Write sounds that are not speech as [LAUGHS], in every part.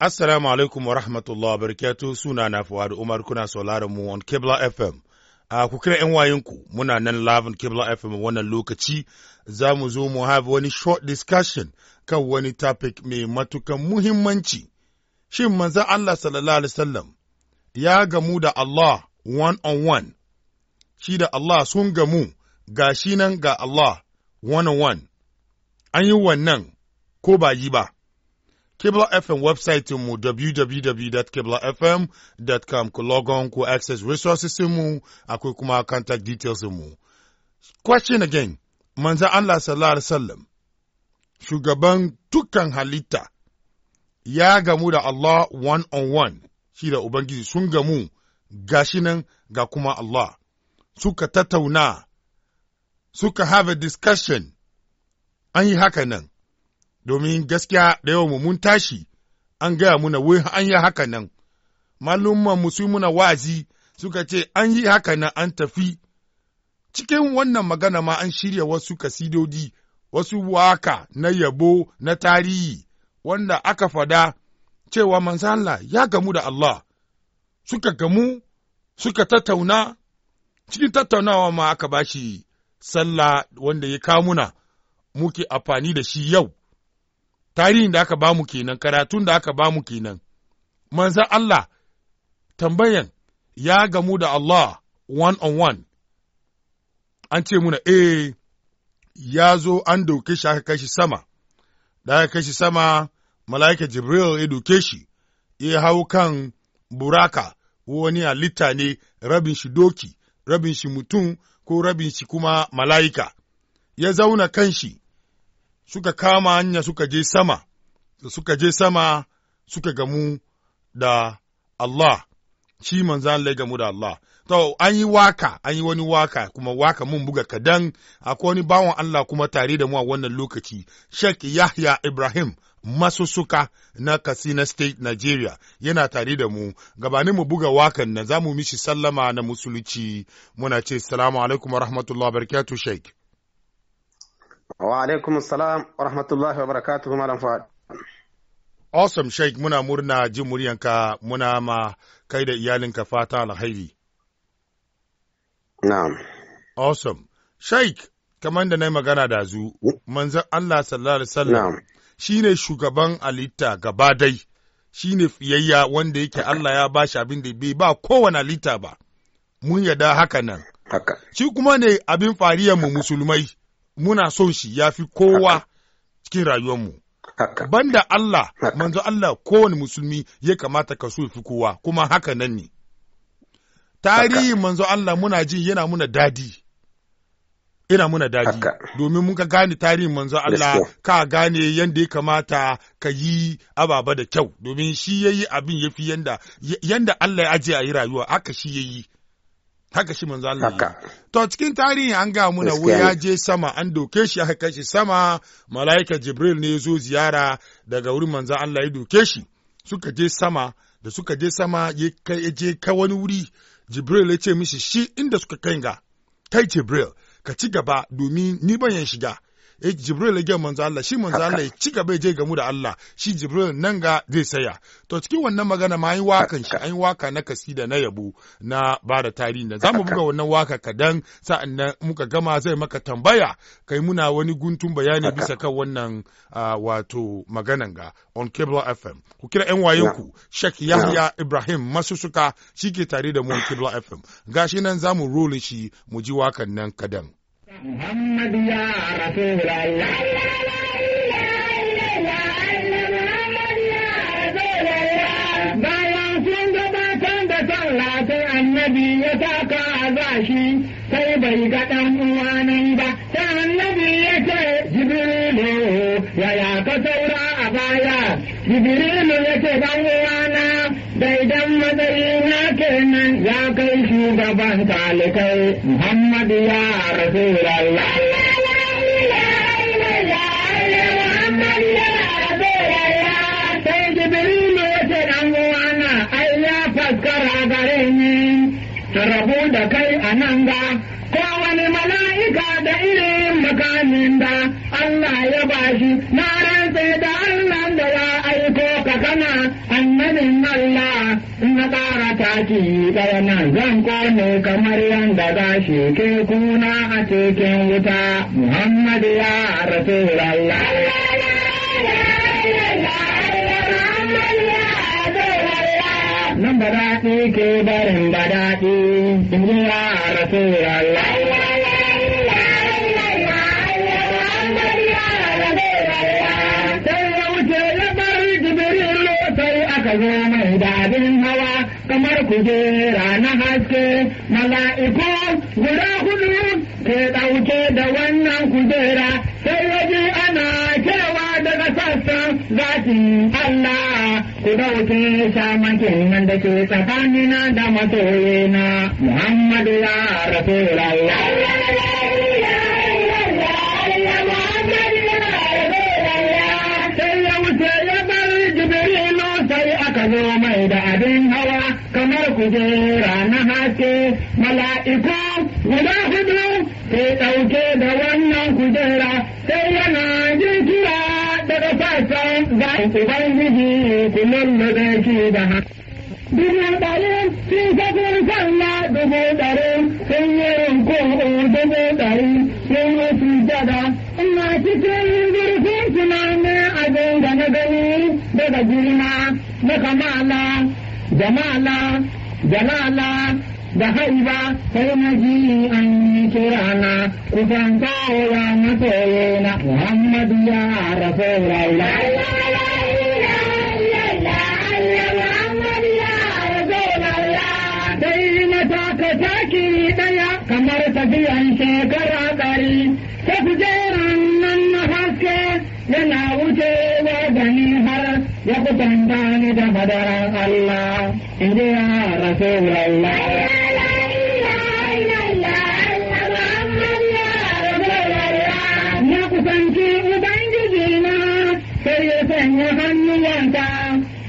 Assalamu alaikum wa rahmatullah wa barakatu suna na Fuad Umar kuna sauraron mu on Kibla FM. A ku kira ƴan wayinku muna nan lavin Kibla FM wannan lokaci za mu zo mu have wani short discussion kan wani topic mai matukan muhimmanci. Shin manzan Allah sallallahu Alaihi wasallam ya gamu da Allah one on one, shi da Allah sun gamu ga shi nan ga Allah one on one, an yi wannan ko ba yi ba. Kibla FM website mu www.kiblafm.com ku logon ku access resources mu akwai kuma contact details mu. Question again, manza Allah sallallahu alaihi wasallam shugaban dukkan halitta ya gamu da Allah one on one shi da Ubangiji sun gamu gashi nan ga kuma Allah suka tattauna suka have a discussion an yi haka nan. domin gaskiya da yawan mun tashi an gaya muna wai an yi haka nan, malumman su muna wa'azi suka ce an yi haka nan an tafi. Cikin wannan magana ma an shirya wasu kasidodi, wasu waka na yabo na tarihi, wanda aka fada cewa manzo ya gamu da Allah, suka gamu, suka tattauna, cikin tattaunawa ma aka bashi sallah wanda ya kamuna muke amfani da shi yau. tarihin da aka bamu kenan karatun da aka bamu kenan manzan Allah tambayan ya gamu da Allah one on one an ce muna eh ya zo an doke shi aka kashi sama da aka kashi sama mala'ika Jibril ya doke shi ya hau kan buraka wani halitta ne rabin shi doki rabin shi mutum ko rabin shi kuma mala'ika ya zauna kan shi suka kama hanya suka je sama, da suka je sama suka gamu da Allah, shi manzan lai gamu da Allah. To, an yi waka, an yi wani waka, kuma waka mun buga kadan, akwai wani bawan Allah kuma tare da mu a wannan lokaci, Sheikh Yahya Ibrahim masussuka na Katsina State, Nigeria, yana tare da mu, gabanin mu buga wakan na za mu mishi sallama na musulunci, muna ce, Salamu alaikum wa rahmatullahi wa barakatuh, Sheikh. Wa alaikum salam wa rahmatullahi wa barakatuhu malam fa'ad. Awesome Sheikh muna murna jin muryanka muna ma kai da iyalinka fata alhairi. Na'am. Awesome. Sheikh kamar da na yi magana da zu, manzan Allah sallallahu Alaihi wasallam shi ne shugaban alitta gaba dai, shi ne fiyayya wanda yake Allah ya ba shi abin da bai ba kowane alitta ba, mun yada haka nan. Shi kuma ne abin fariyar mu musulmai, muna son shi ya fi kowa cikin rayuwarmu. Banda Allah, manzo Allah kowane musulmi ya kamata ka so fi kowa, kuma haka nan ne. Tarihi manzo Allah muna ji yana muna dadi. Ina muna dadi, domin mun ka gane tarihin manzo Allah ka gane yadda ya kamata ka yi ababa da kyau, domin shi ya yi abin ya fi yanda Allah ya ajiye a yi rayuwa, haka shi ya yi. haka shi manzo Allah haka to cikin tarihi an ga muna ya je sama an doke shi aka shi sama malaika jibril ne ya zo ziyara daga wurin manzo Allah ya doke shi suka je sama da suka je sama ya je ka wani wuri jibril ya ce mishi shi inda suka kai ga kai jibril ka ci gaba domin ni ban yan shiga eh jibril ya gaya manzo Allah shi manzo Allah ya ci gaba je gamu da Allah shi jibril nan ga zai saya to cikin wannan magana ma yi wakan shi an waka na kasida na yabo na bada tarihi da zamu buga wannan waka kadan sa'annan muka gama zai maka tambaya kai muna wani guntun bayani bisa kan wannan wato maganan ga on cable fm ku kira yan wayen ku Sheikh Yahya Ibrahim masusuka shi ke tare da mu on cable fm gashi nan zamu rolin shi mu ji wakan nan kadan Muhammad ya رسول الله bayan sun gabatar da sallah annabi ya taka azashi sai bai ga ɗan ba sai annabi ya ce jibrilu yaya ka saura a baya jibrilu ya ce ɗan uwana daidan matsayi na kenan ya kai gaban talikai muhammad ya Rasulallah. Sai Jibrilu ya ce ɗan uwana ai ya faskara gare ni rabu da kai a nan ga kowane mala'ika da irin makamin da Allah ya bashi na rantse da Allah da ya magana annabin Allah na ƙara taki ɗaya nan zan kone kamar yadda za shi ke kuna a cikin wuta muhammad ya Rasulallah. Nan ba daɗi ke barin ba daɗi, in ji ya Rasulallah. aka mai da abin hawa kamar kujera na haske mala'iku guda hudu ke ɗauke da wannan kujera sai waje ana cewa daga sassan zatin Allah ku ɗauke shamakin nan da ke tsakanina da masoyina Muhammadu ya rasu zo mai da abin hawa kamar kujera na haske mala'iku guda hudu ke ɗauke da wannan kujera sai yana jin kira daga sassan zai ubangiji kullum da zaki da haka. Dubu ɗari sun sakon sallah dubu ɗari sun yi rinko dubu ɗari sun yi sujada ina cikin zurfin tunanin abin da na gani daga girma مخمالا jamala jalala da haiba sai na ji an yi kirana kusan kowa masoyo na muhammadu ya rafe raula sai na taka taki kamar tafiyan shekara ɗari ta kujeran nan na haske yana wucewa gani Yaku tantang da padara Allah Ini ya Rasul Allah Yaku tanki ubang jujina Seri senya hannu wanta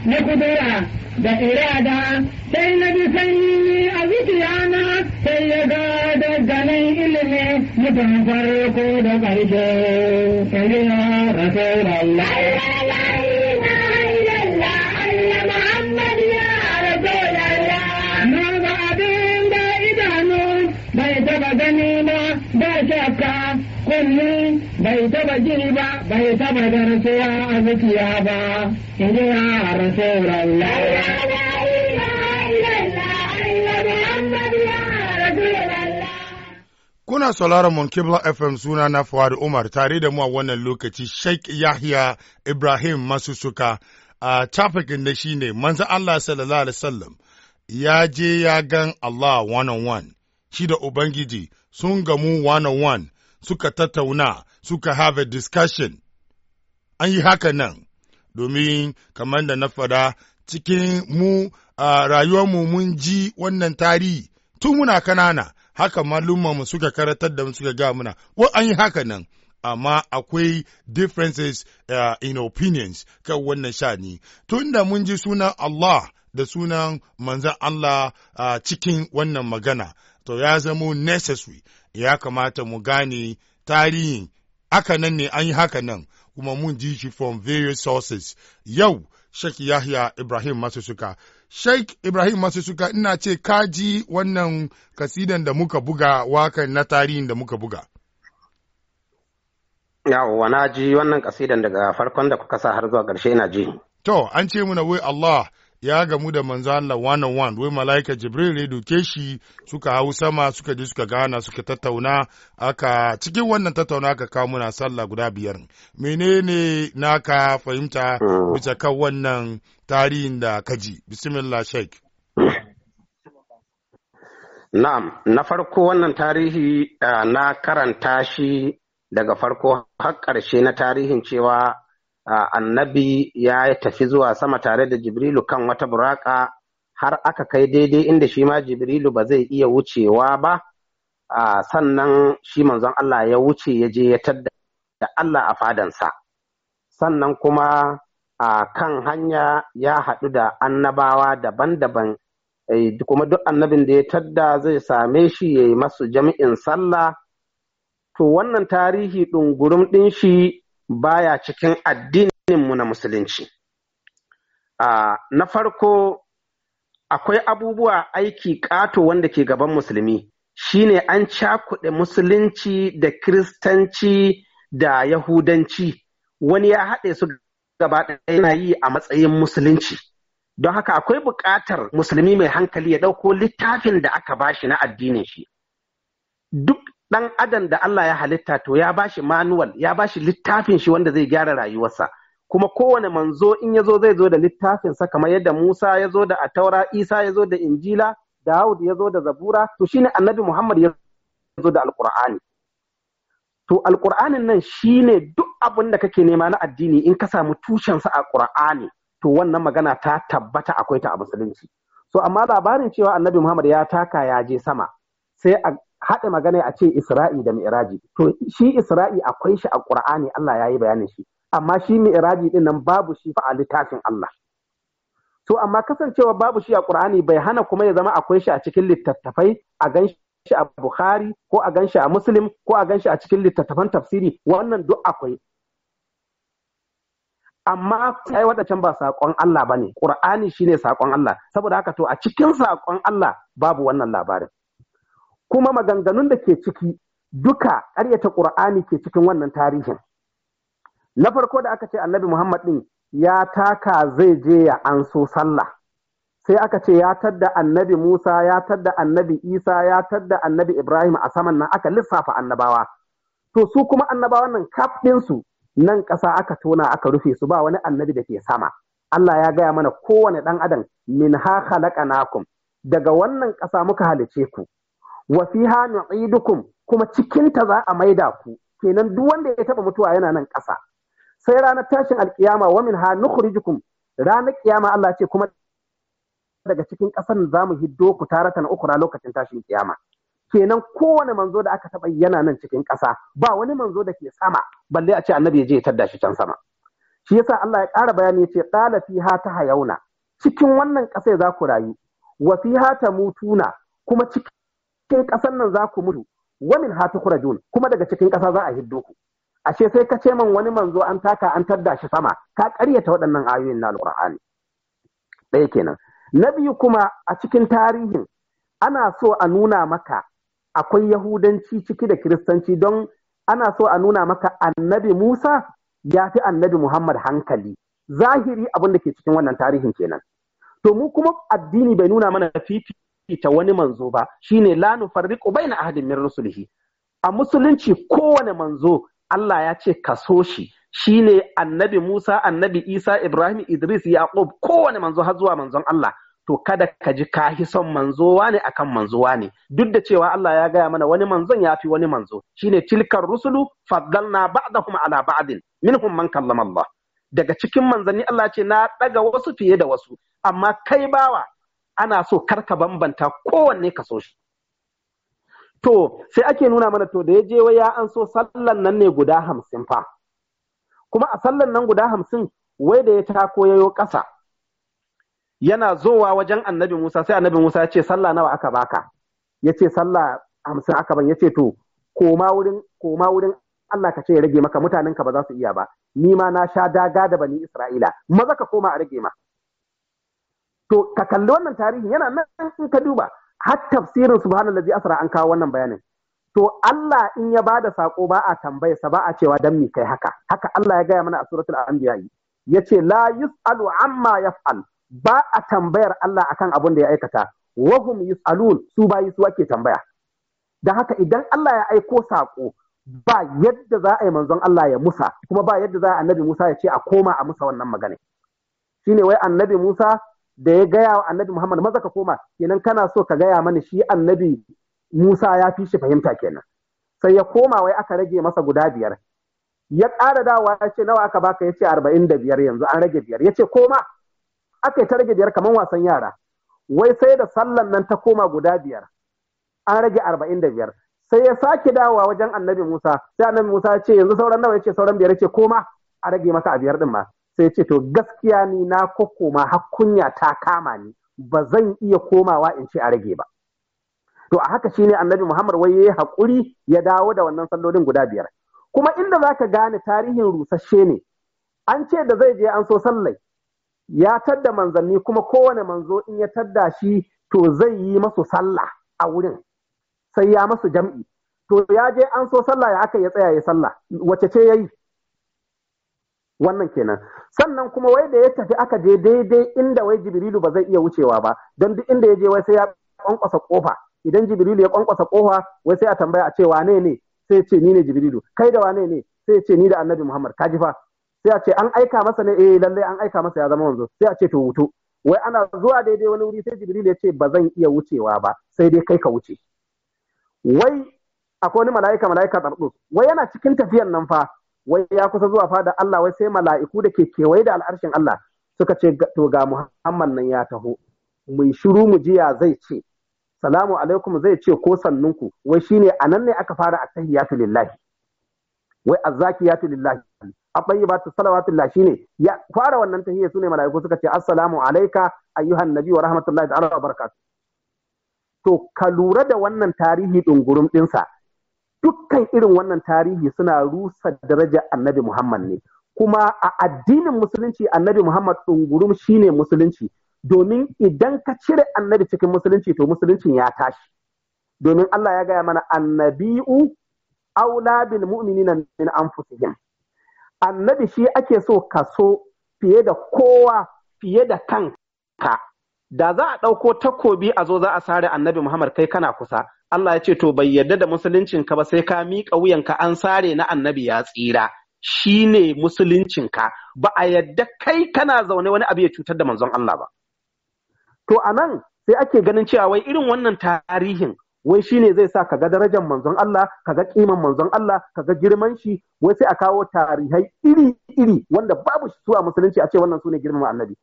Yaku dura da irada Sai na bi sanyi a zuciyana Sai ya ga ganin ilimi Mutum farko da ƙarshe Sai ya Rasul Allah Allah nan bai taba ji ba bai taba garcewa a zuciya ba in ji ya Kuna sauraron Monkibla FM suna na Fuhari Umar tare da mu a wannan lokaci Sheikh Yahya Ibrahim Masusuka a tafikin da shi ne manzo Allah sallallahu alaihi wasallam ya je ya gan Allah one on one shi da Ubangiji sun gamu one on one suka tattauna suka have a discussion. An yi haka nan, domin kamar da na fada cikin mu a rayuwarmu mun ji wannan tarihi tun muna kanana, haka mu suka karatar da mu suka ga muna, ko an yi haka nan. amma akwai differences uh, in opinions kan wannan shani tun da mun ji sunan Allah da sunan manzan Allah uh, cikin wannan magana to ya zamo necessary ya kamata mu gane tarihin hakanan nan ne an yi haka nan kuma mun ji shi from various sources yau Sheikh Yahya Ibrahim Masusuka Sheikh Ibrahim Masusuka ina ce ka ji wannan kasidan da muka buga wakan na tarihin da muka buga yawwa na ji wannan kasidan daga farkon da kuka sa har zuwa ƙarshe ina ji to an ce muna wai Allah ya gamu da manzo Allah one on one wai malaika Jibril ya doke shi suka hau sama suka je suka gana suka tattauna aka cikin wannan tattauna aka kawo muna sallah guda biyar menene naka fahimta hmm. bisa kan wannan tarihin da kaji bismillah sheikh Na'am, na farko wannan tarihi ah, na karanta shi daga farko har ƙarshe na tarihin cewa annabi ya tafi zuwa sama tare da jibrilu kan wata buraka har aka kai daidai inda shi ma jibrilu ba zai iya wucewa ba sannan shi manzon Allah ya wuce ya je ya tadda da Allah a fadansa sannan kuma a kan hanya ya haɗu da annabawa daban-daban e, kuma duk annabin da ya tadda zai same shi ya yi masu jami'in sallah to wannan tarihi ɗungurum ɗin shi baya cikin addininmu na musulunci na farko akwai abubuwa aiki ƙato wanda ke gaban musulmi shine an cakuɗe musulunci da kiristanci da yahudanci wani ya haɗe su gaba ɗaya yana yi a matsayin musulunci don haka akwai buƙatar musulmi mai hankali ya ɗauko littafin da aka bashi na addinin shi duk Ɗan adam da Allah ya halitta to ya bashi manual ya bashi littafin shi wanda zai gyara rayuwarsa kuma kowane manzo in ya zo zai zo da littafinsa kamar yadda Musa ya zo da Ataura Isa ya zo da Injila Dawud ya zo da Zabura to shine Annabi Muhammad ya zo da Alƙur'ani. to Alqur'anin nan shine duk abin da kake nema na addini in ka samu tushen sa a Qur'ani to wannan magana ta tabbata akwai ta a musulunci so amma labarin cewa Annabi Muhammad ya taka ya je sama sai a haɗe magana a ce Isra'i da Mi'raji. To shi Isra'i akwai shi a Ƙur'ani Allah ya yi bayanin shi. Amma shi Mi'raji ɗin nan babu shi fa a littafin Allah. To amma kasancewa babu shi a Ƙur'ani bai hana kuma ya zama akwai shi a cikin littattafai a gan shi a Bukhari ko a gan shi a Muslim ko a gan shi a cikin littattafan tafsiri wannan duk akwai. Amma sai wadancan ba saƙon Allah ba ne, Ƙur'ani shi ne saƙon Allah, saboda haka to a cikin saƙon Allah babu wannan labarin. kuma maganganun da ke ciki duka ƙaryata ƙur'ani ke cikin wannan tarihin na farko da aka ce annabi muhammad ɗin ya taka zai je ya anso sallah sai aka ce ya tadda annabi musa ya tadda annabi isa ya tadda annabi ibrahim a saman nan aka lissafa annabawa to su kuma annabawan nan kaf ɗinsu nan ƙasa aka tona aka rufe su ba wani annabi da ke sama Allah ya gaya mana kowane ɗan adam min ha daga wannan ƙasa muka halice ku wa fiha nu'idukum kuma cikinta za a maida ku kenan duk wanda ya taba mutuwa yana nan ƙasa sai ranar tashin alƙiyama, wa min minha nukhrijukum ranar ƙiyama Allah ce kuma daga cikin ƙasar za mu hiddo ku ta uku ukura lokacin tashin kiyama kenan kowane manzo da aka taɓa yana nan cikin ƙasa ba wani manzo da ke sama balle a ce annabi ya je ya tadda shi can sama shi yasa Allah ya ƙara bayani ya ce qala fiha ta hayauna cikin wannan ƙasai za ku rayu wa ta mutuna, kuma cikin cikin ƙasar nan za ku mutu wa min ha tukhrajun kuma daga cikin ƙasa za a hiddo ku ashe sai ka ce man wani manzo an taka an tadda shi sama ka ƙaryata waɗannan ayoyin na alqur'ani ɗaya kenan na biyu kuma a cikin tarihin ana so a nuna maka akwai yahudanci ciki da kiristanci don ana so a nuna maka annabi musa ya fi annabi muhammad hankali zahiri abin da ke cikin wannan tarihin kenan to mu kuma addini bai nuna mana fifi ita wani manzo ba shine la nufarriqu baina ahadin min rusulihi a musulunci kowane manzo Allah ya ce kaso shi shine annabi Musa annabi Isa Ibrahim Idris Yaqub kowane manzo har zuwa manzon Allah to kada ka ji kahi son manzowa ne akan manzowa ne duk da cewa Allah ya gaya mana wani manzon ya fi wani manzo shine tilkar rusulu faddalna ba'dahum ala ba'din minhum man kallama Allah daga cikin manzanni Allah ce na daga wasu fiye da wasu amma kai bawa ana so kar ka bambanta kowanne ka so shi to sai ake nuna mana to da ya je ya an so sallan nan ne guda hamsin fa kuma a sallan nan guda hamsin wai da ya tako yayo ƙasa yana zowa wajen annabi Musa sai annabi Musa ya ce sallah nawa aka baka ya ce sallah hamsin aka ban ya ce to koma wurin Allah ka ce ya rage maka mutanen ka ba za su iya ba ni ma na sha daga da bani Isra'ila maza ka koma a rage ma to ka kalli wannan tarihin yana nan in ka duba har tafsirin subhanallazi asra an kawo wannan bayanin to Allah in ya bada sako ba a tambayarsa ba a cewa dan me kai haka haka Allah ya gaya mana a suratul anbiya yace la yusalu amma yaf'al ba a tambayar Allah akan abin da ya aikata hum yusalun su yi su ke tambaya da haka idan Allah ya aiko sako ba yadda za a yi manzon Allah ya musa kuma ba yadda za a annabi Musa ya ce a koma a musa wannan magana shine wai annabi Musa da ya gaya wa annabi Muhammad maza ka koma kenan kana so ka gaya mani shi annabi Musa ya fi shi fahimta kenan sai ya koma wai aka rage masa guda biyar ya ƙara dawa ya ce nawa aka baka ya ce arba'in da biyar yanzu an rage biyar ya ce koma aka yi ta rage biyar kamar wasan yara wai sai da sallan nan ta koma guda biyar an rage arba'in da biyar sai ya sake dawa wajen annabi Musa sai annabi Musa ya ce yanzu sauran nawa ya ce sauran biyar ya ce koma a rage masa a biyar ɗin ma sai ce to gaskiya ni na kokoma har kunya ta kama ni ba zan iya komawa in ce a rage ba to a haka shine annabi Muhammad wai yayi hakuri ya dawo da wannan sallolin guda biyar kuma inda zaka gane tarihin rusasshe ne an ce da zai je an so sallai ya tadda manzanni kuma kowane manzo in ya tadda shi to zai yi masu sallah a wurin sai ya masu jam'i to ya je an so sallah ya aka ya tsaya ya sallah wace ce yayi wannan kenan sannan kuma wai da ya tafi aka je daidai inda wai jibrilu ba zai iya wucewa ba don duk inda ya je wai sai ya kwankwasa kofa idan jibrilu ya kwankwasa kofa wai sai a tambaya a ce wane ne sai ce ni ne jibrilu kai da wane ne sai ce ni da annabi muhammad kaji fa sai a ce an aika masa ne eh lallai an aika masa ya zama wanzo sai a ce to wuto wai ana zuwa daidai wani wuri sai jibrilu ya ce ba zan iya wucewa ba sai dai kai ka wuce wai akwai wani mala'ika mala'ika tsarɗo wai yana cikin tafiyan nan fa wai ya kusa zuwa fada Allah wai sai mala'iku da ke kewaye da al'arshin Allah suka ce to ga Muhammad nan ya taho mu shiru mu jiya zai ce salamu alaikum zai ce ko sannunku wai shine anan ne aka fara attahiyatu lillahi wai azzakiyatu lillahi ba ta salawatu lillahi shine ya fara wannan tahiyya sune mala'iku suka ce assalamu alayka ayyuhan nabi wa rahmatullahi ta'ala wa barakatuh to ka lura da wannan tarihi dungurum dinsa dukkan irin wannan tarihi suna rusa daraja annabi Muhammad ne kuma a addinin musulunci annabi Muhammad ɗungurum shine musulunci domin idan ka cire annabi cikin musulunci to musuluncin ya tashi domin Allah ya gaya mana annabi'u aula bil mu'minina min anfusihim annabi shi ake so ka so fiye da kowa fiye da kanka da za a ɗauko takobi a zo za a sare annabi Muhammad kai kana kusa Allah ya ce to bai yarda da musuluncin ka ba sai ka miƙa wuyanka an sare na annabi ya tsira shi ne musuluncinka ba a yarda kai kana zaune wani abu ya cutar da manzon Allah ba to a nan sai ake ganin cewa wai irin wannan tarihin wai shi ne zai sa ka ga darajar manzon Allah ka ga kiman manzon Allah ka ga girman shi wai sai a kawo tarihai iri iri wanda babu su a musulunci a ce wannan su ne girman annabi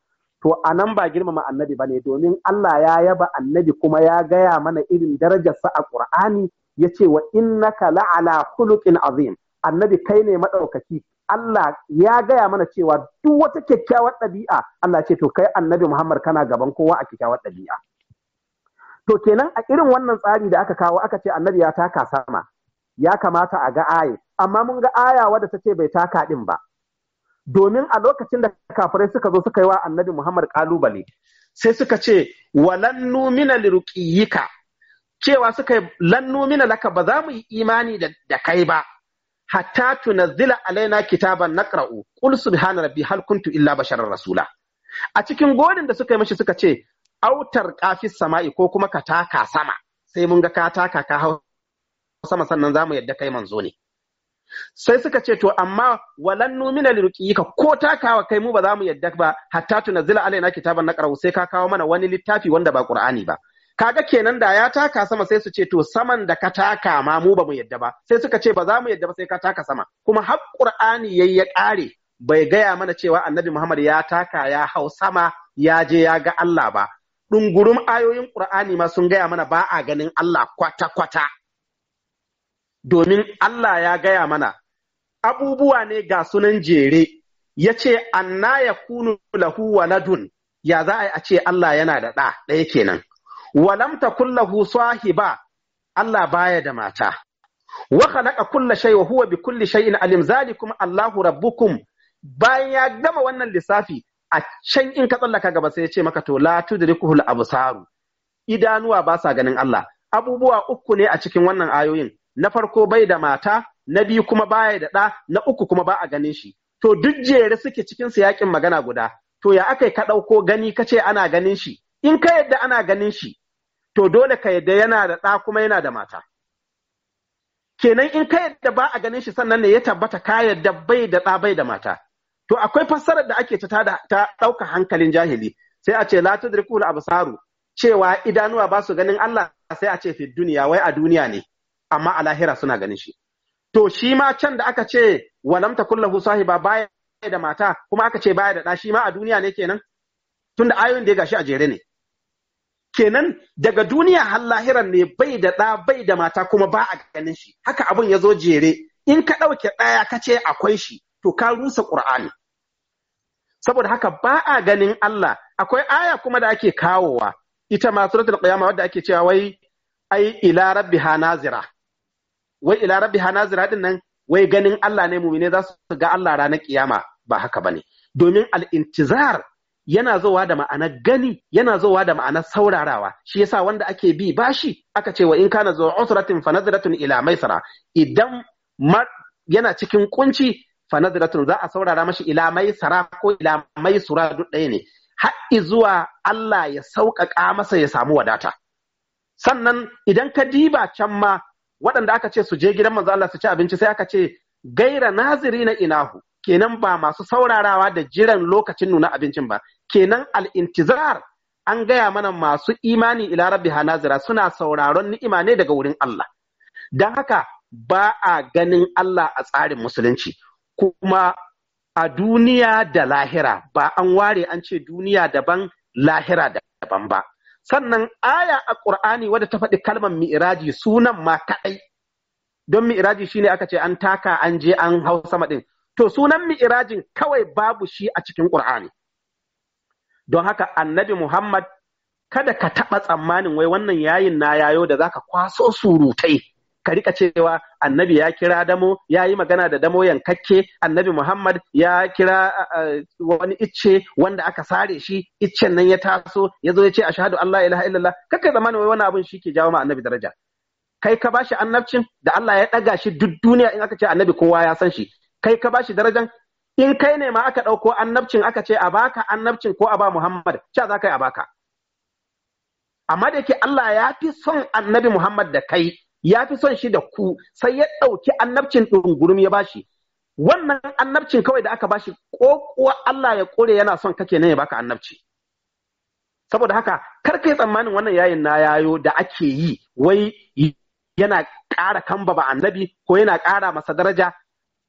to a nan ba girmama annabi ba ne domin Allah ya yaba annabi kuma ya gaya mana irin darajarsa a Ƙur'ani ya ce wa innaka la'ala khuluqin azim annabi kai ne maɗaukaki Allah ya gaya mana cewa duk wata kyakkyawar ɗabi'a Allah ce to kai annabi Muhammad kana gaban kowa a kyakkyawar ɗabi'a to kenan a irin wannan tsari da aka kawo aka ce annabi ya taka sama ya kamata a ga aya amma mun ga aya wadda ta ce bai taka ɗin ba domin a lokacin da kafirai suka zo suka yi wa annabi Muhammad kalubale sai suka ce wa mina liruqiyika cewa suka yi lannu mina laka ba za mu yi imani da kai ba hatta tunazzila alaina kitaban naqra'u qul subhana rabbi hal kuntu illa basharar rasula a cikin godin da suka yi mashi suka ce autar kafis sama'i ko kuma ka taka sama sai mun ga ka taka ka hau sama sannan za mu yadda kai manzo ne sai suka ce to amma walan numina lirqiyika ko takawa kai mu ba za mu yadda ba hatta tunzila alaina kitaban naqra sai ka kawo mana wani littafi wanda ba qur'ani ba kaga kenan da ya taka sama sai su ce to saman da ka taka ma mu ba mu yadda ba sai suka ce ba za mu yadda ba sai ka taka sama kuma har qur'ani yayi ya kare bai gaya mana cewa annabi muhammad ya taka ya hau sama ya je ya ga Allah ba dungurum ayoyin qur'ani ma sun gaya mana ba a ganin Allah kwata kwata domin Allah ya gaya mana abubuwa ne ga sunan jere ya ce anna ya kunu lahu waladun ya za a ce Allah yana da ɗa ɗaya kenan walam takun lahu sahiba Allah baya da mata wa khalaqa kulla shay wa huwa bi kulli shay'in alim zalikum Allahu rabbukum bayan ya gama wannan lissafi a can in ka tsallaka gaba sai ya ce maka to la tudrikuhu abu absaru idanuwa ba sa ganin Allah abubuwa uku ne a cikin wannan ayoyin na farko bai da mata na biyu kuma baya da ɗa na uku kuma ba a ganin shi to duk jere suke cikin su yakin magana guda to ya aka ka ɗauko gani ka ce ana ganin shi in ka yadda ana ganin shi to dole ka yadda yana da ɗa kuma yana da mata kenan in ka yadda ba a ganin shi sannan ne ya tabbata ka yadda bai da ɗa bai da mata to akwai fassarar da ake ta ta ɗauka hankalin jahili sai a ce la tudrikul absaru cewa idanuwa ba su ganin Allah sai a ce fi duniya wai a duniya ne amma a lahira suna ganin shi to shi ma can da aka ce walam takul lahu sahiba baya da mata kuma aka ce baya da ɗa shi ma a duniya ne kenan tunda ayoyin da ya gashi a jere ne kenan daga duniya har lahiran ne bai da ɗa bai da mata kuma ba a ganin shi haka abun ya zo jere in ka ɗauke ɗaya ka ce akwai shi to ka rusa ƙur'ani saboda haka ba a ganin Allah akwai aya kuma da ake kawowa ita ma suratul qiyama wadda ake cewa wai ai ila rabbiha nazira wai ila rabbi hanazira din nan wai ganin Allah ne mumine za su ga Allah ranar kiyama ba haka bane domin al-intizar yana zowa da ma'anar gani yana zowa da ma'anar saurarawa shi yasa wanda ake bi bashi aka ce wa in kana zuwa usratin fa nazratun ila maisara idan yana cikin kunci fa nazratun za a saurara mashi ila maisara ko ila maisura duk ɗaya ne har zuwa Allah ya sauƙaƙa masa ya samu wadata sannan idan ka diba can ma waɗanda aka ce su je gidan manzo Allah su ci abinci sai aka ce gaira naziri na inahu kenan ba masu saurarawa da jiran lokacin nuna abincin ba kenan al-intizar an gaya mana masu imani ila rabbi hanazira suna sauraron ni'ima ne daga wurin Allah dan haka ba a ganin Allah a tsarin musulunci kuma a duniya da lahira ba an ware an ce duniya daban lahira daban ba sannan aya a ƙur'ani wadda ta faɗi kalmar mi'iraji sunan ma kaɗai don mi'iraji shine aka ce an taka an je an hau sama ɗin to sunan mi'irajin kawai babu shi a cikin ƙur'ani don haka annabi muhammad kada ka taɓa tsammanin wai wannan yayin na yayo da za ka kwaso surutai ka rika cewa annabi ya kira damo ya yi magana da damo yankakke annabi muhammad ya kira wani icce wanda aka sare shi iccen nan ya taso ya zo ya ce shahadu allah ilaha illallah kakkai zamanin wai wani abin shi ke jawo ma annabi daraja kai ka bashi annabcin da allah ya ɗaga shi duk duniya in aka ce annabi kowa ya san shi kai ka bashi darajan in kai ne ma aka ɗauko annabcin aka ce a baka annabcin ko a ba muhammad sha za ka yi a baka amma da yake allah ya fi son annabi muhammad da kai ya fi son shi da ku sai ya ɗauki annabcin ɗungurum ya bashi wannan annabcin kawai da aka bashi ko kuwa Allah ya kore yana son kake kenan ya baka annabci saboda haka kar kai tsammanin wannan yayin na yayo da ake yi wai yana ƙara kamba ba annabi ko yana ƙara masa daraja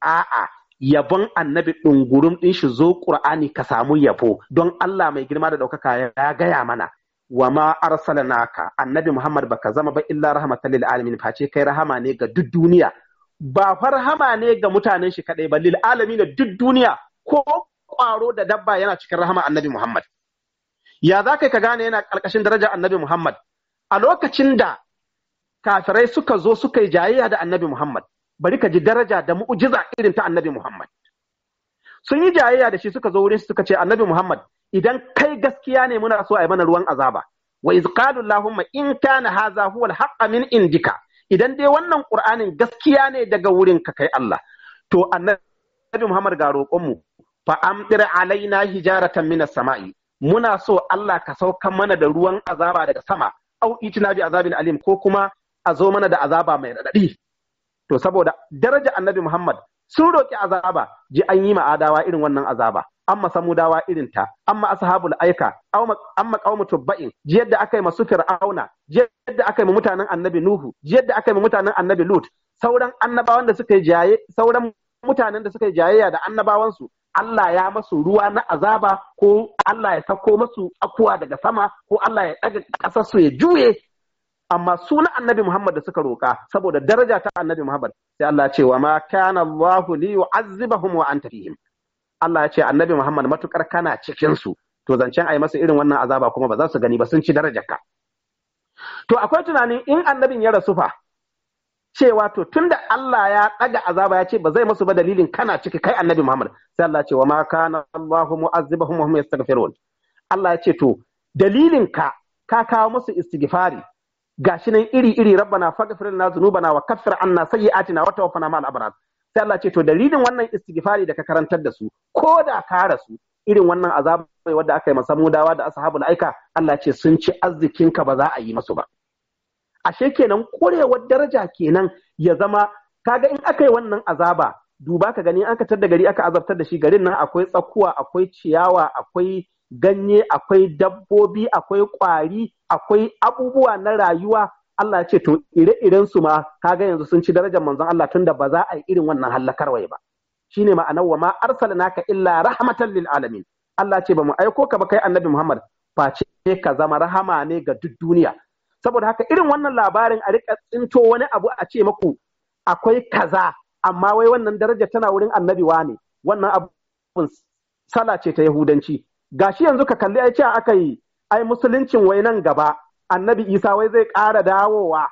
a'a yabon annabi ɗungurum ɗin shi zo ƙur'ani ka samu yabo don Allah mai girma da ɗaukaka ya gaya mana wa ma naka annabi Muhammad baka zama ba illa rahmatan lil alamin face kai rahama ne ga duk duniya ba farhama ne ga mutanen shi kadai ba lil alamin duk duniya ko kwaro da dabba yana cikin rahama annabi Muhammad ya za ka gane yana karkashin daraja annabi Muhammad a lokacin da kafirai suka zo suka yi jayayya da annabi Muhammad bari ka ji daraja da mu'jiza irin ta annabi Muhammad sun yi jayayya da shi suka zo wurin suka ce annabi Muhammad idan kai gaskiya ne muna so a yi mana ruwan azaba wa iz qalu allahumma in kana hadha huwa al min indika idan dai wannan qur'anin gaskiya ne daga wurin ka kai Allah to annabi Muhammad ga roƙon mu fa amtir alaina hijaratan as sama'i muna so Allah ka sauka mana da ruwan azaba daga sama au itina bi azabin alim ko kuma a zo mana da azaba mai radadi to saboda daraja annabi Muhammad sun roki azaba ji an yi ma'adawa irin wannan azaba amma dawa irin ta amma ashabul aika amma qaumu tubba'in ji yadda aka yi masu fir'auna ji yadda aka yi mutanen annabi nuhu ji yadda aka yi mutanen annabi lut sauran annabawan da suka yi jaye sauran mutanen da suka yi jayayya da annabawansu Allah ya masu ruwa na azaba ko Allah ya sako masu akuwa daga sama ko Allah ya ɗaga ƙasarsu ya juye amma su annabi Muhammad da suka roƙa saboda daraja ta annabi Muhammad sai Allah ya ce wa ma kana Allahu li yu'azzibahum wa anta fihim Allah ya ce annabi Muhammad matukar kana cikin su to zancen ai masa irin wannan azaba kuma ba za su gani ba sun ci darajarka to akwai tunanin in annabin ya rasu fa cewa to tunda Allah ya daga azaba ya ce ba zai masu ba dalilin kana ciki kai annabi Muhammad sai Allah ya ce wa ma kana Allahu mu'azzibahum wa hum yastaghfirun Allah ya ce to dalilin ka ka kawo musu istighfari gashi nan iri iri rabbana faghfir lana dhunubana wa kaffir anna sayyi'atina wa tawaffana ma'al abrar sai Allah ce to dalilin wannan istighfari da ka karantar da su ko da ka rasu irin wannan azabai wanda aka yi masa mudawa da ashabul aika Allah ce sun ci arzikinka ba za a yi masu ba ashe kenan korewar daraja kenan ya zama kaga in aka yi wannan azaba duba ka gani an ka tar da gari aka azabtar da shi garin nan akwai tsakuwa akwai ciyawa akwai ganye akwai dabbobi akwai ƙwari akwai abubuwa na rayuwa Allah ce to ire-iren su ma kaga yanzu sun ci darajar manzon Allah tunda ba za a yi irin wannan hallakarwai ba shine ma'anar wa ma arsalnaka illa rahmatan lil alamin Allah ce ba mu aiko ka ba kai annabi Muhammad face ka zama rahama ne ga duk duniya saboda haka irin wannan labarin a rika tsinto wani abu a ce maku akwai kaza amma wai wannan daraja tana wurin annabi ne wannan abun sala ce ta yahudanci gashi yanzu ka kalli ai cewa aka yi ai musuluncin wai nan gaba annabi isa wai zai ƙara dawowa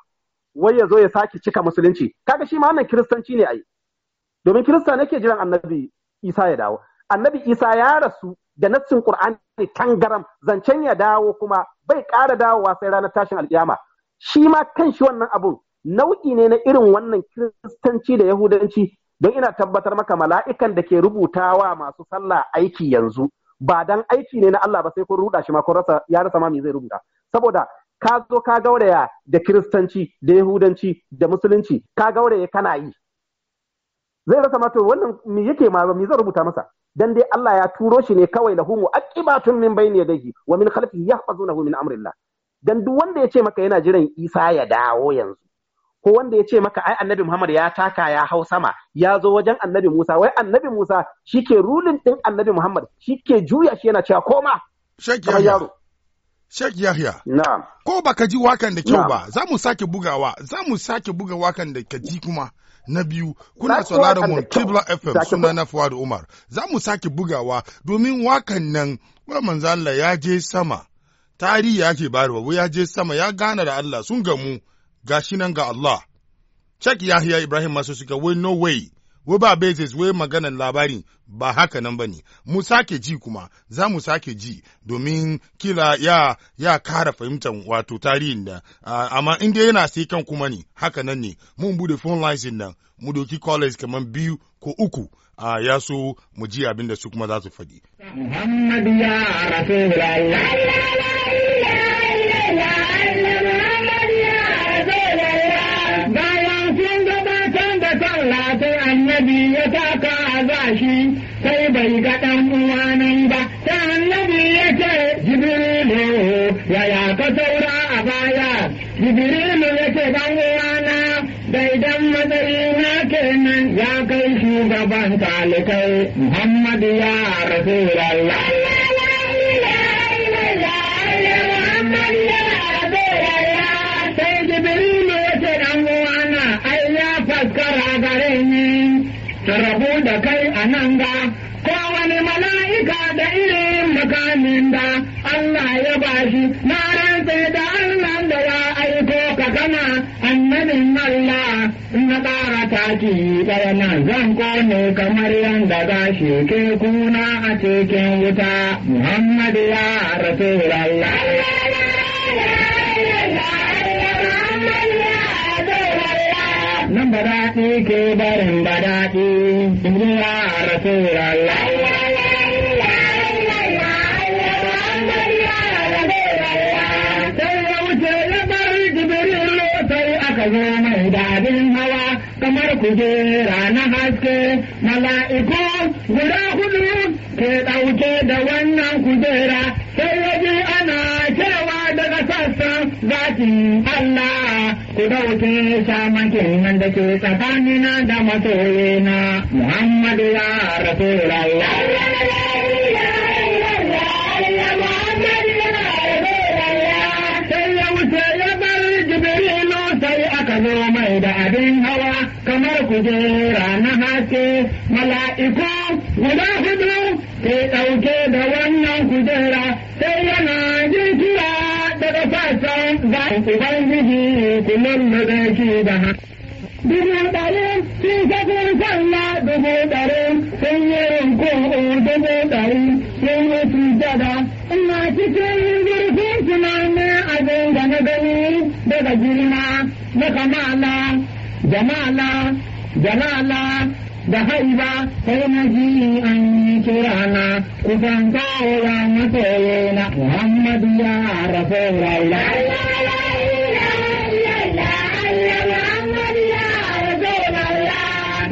wai ya zo ya sake cika musulunci kaga shi ma wannan kiristanci ne ai domin kirista nake jiran annabi isa ya dawo annabi isa ya rasu da nassin qur'ani tangaram zancen ya dawo kuma bai ƙara dawowa sai ranar tashin alƙiyama shi ma kan shi wannan abun nau'i ne na irin wannan kiristanci da yahudanci don ina tabbatar maka mala'ikan da ke rubutawa masu sallah aiki yanzu ba dan aiki ne na Allah ba sai kun ruda shi ma kun rasa ya rasa ma me zai rubuta saboda ka zo ka gauraya da kiristanci da yahudanci da musulunci ka gauraya kana yi zai rasa ma to wannan me yake ma me zai rubuta masa dan dai Allah ya turo shi ne kawai lahu mu'aqibatun min bayni yadayhi wa min khalfihi yahfazunahu min amrillah dan duk wanda ya ce maka yana jiran Isa ya dawo yanzu ko wanda ya ce maka ai annabi Muhammad ya taka ya hau sama ya zo wajen annabi Musa wai annabi Musa shike rulin din annabi Muhammad shike juya shi yana cewa koma Sheikh Yahya Sheikh Yahya na'am ko baka ji wakan da kyau ba za mu sake bugawa za mu sake buga wakan da ka ji kuma na biyu kuna sauraron mu Kibla FM suna na Fuad Umar za mu sake bugawa domin wakan nan wa manzo Allah ya je sama tarihi yake bayarwa ya je sama ya gana da Allah sun gamu ga shi nan ga Allah. Cek Yahya Ibrahim masu suka wai no way, wai ba basis wai maganan labari ba haka nan ba ne. Mu sake ji kuma, za mu sake ji domin kila ya ya kara fahimtar wato tarihin da. amma inda yana sai kan kuma ne, haka nan ne, mun bude phone lines nan, mu doki college kamar biyu ko uku. a ya so mu ji abin da su kuma za su faɗi. Muhammadu ya Rasulullah. annabi ya taka za shi sai bai ga ɗan uwana ba ta annabi ya ce jibrilu yaya ka saura a baya jibrilu ya ce ɗan uwana daidan matsayi na kenan ya kai shugaban talikai muhammadu ya rasulallah Sai Jibrilu ya ce ɗan uwana ai ya faskara gare rabu da kai a nan ga kowane mala'ika da irin makamin da Allah ya ba shi na rantse da Allah da ya aiko ka an annabin Allah na ƙara taki ɗaya na zan kone kamar yadda shi ke kuna a cikin wuta Muhammadu ya rasu Allah. nan ba daɗi ke barin ba daɗi in ji ya rasulallah. Sai ya wuce ya bari jibirin lotai aka zo mai dadin hawa kamar kujera na haske mala'iku guda huɗu ke ɗauke da wannan kujera sai dakin Allah ku dauki shamakin nan da tsakanina da masoyina Muhammadu ya Rasulallah. zo mai da abin hawa kamar kujera na mala'iku guda ɗauke da wannan kujera sai yana kira Ubangiji da sun yi rinko dubu ɗarin sun yi sujada. cikin zurfin na gani daga girma na kamala, jalala da haiba sai an yi kirana Muhammadu ya rafe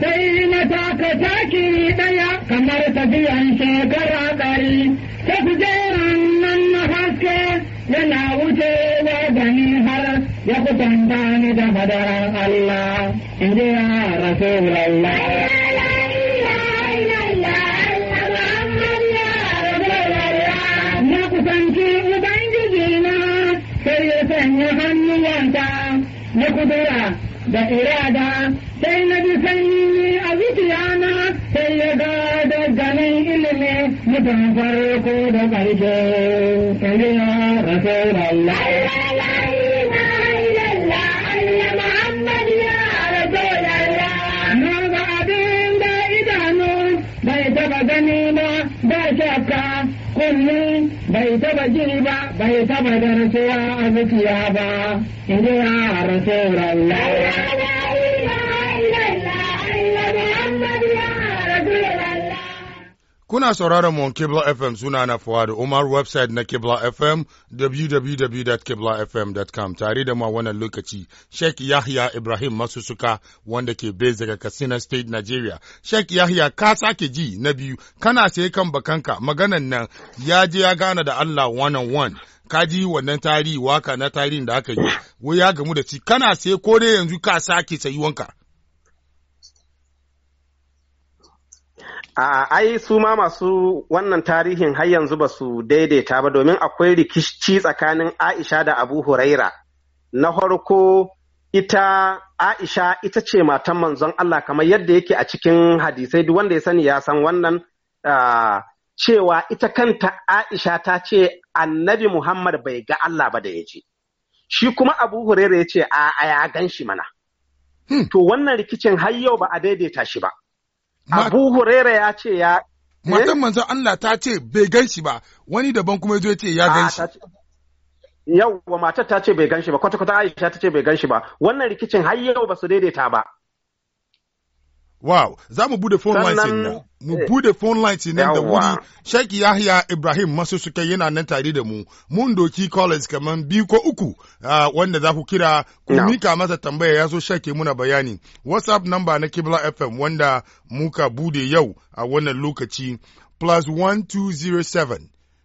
sai na taka taki ɗaya kamar tafiyan shekara ɗari. Ta kujeran nan na haske yana wucewa gani har ya kusanta ni da fadaran Allah. In ji ya Rasulallah. kusanci Ubangiji na sai ya sanya hannuwanta na kudura da irada sai na ji sanyi a zuciyana sai ya ga ganin ilimi mutum farko da ƙarshe sai ya rasu Allah. bai taba gani ba ba shakka kullum bai taba jini ba bai taba da rasuwa a zuciya ba in a ya rasuwa Allah. Kuna sauraron mu Kibla FM suna na Fuad Umar website na Kibla FM www.kiblafm.com tare da ma wannan lokaci Sheikh Yahya Ibrahim Masusuka wanda ke base daga Katsina State Nigeria. Sheikh Yahya ka sake ji na biyu kana sai kan bakanka maganan nan ya je ya gana da Allah one on one ka ji wannan tarihi waka na tarihin da aka yi wai ya gamu da ci kana sai ko dai yanzu ka sake sayi wanka. A ai su ma masu wannan tarihin har yanzu ba su daidaita ba domin akwai rikici tsakanin Aisha da Abu Huraira. Na farko ita Aisha ita ce matan manzon Allah kamar yadda yake a cikin hadisai duk wanda ya sani ya san wannan cewa ita kanta Aisha ta ce annabi Muhammad bai ga Allah ba da ya je. Shi kuma Abu Huraira ya ce a ya gan shi mana. Hmm. To wannan rikicin har yau ba a daidaita shi ba. Abu Huraira ya ce ya eh? Matan manzon Allah ta ce bai gan shi ba, wani daban kuma ya ce ya gan ah, shi. Yau wa matar ta ce bai gan shi ba, kwata-kwata Aisha ta ce bai gan shi ba, wannan rikicin har yau ba su daidaita ba. Wow, za mu bude phone lines nan, mu eh. bude phone lines nan da wuri, Sheikh Yahya Ibrahim masu suke yana nan tare da mu, mun doki college kaman biyu ko uku ah, wanda za ku kira ku mika masa tambaya ya so Sheikh muna bayani. WhatsApp number na Kibla FM wanda muka bude yau a wannan lokaci plus 1207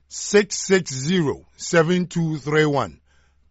660 7231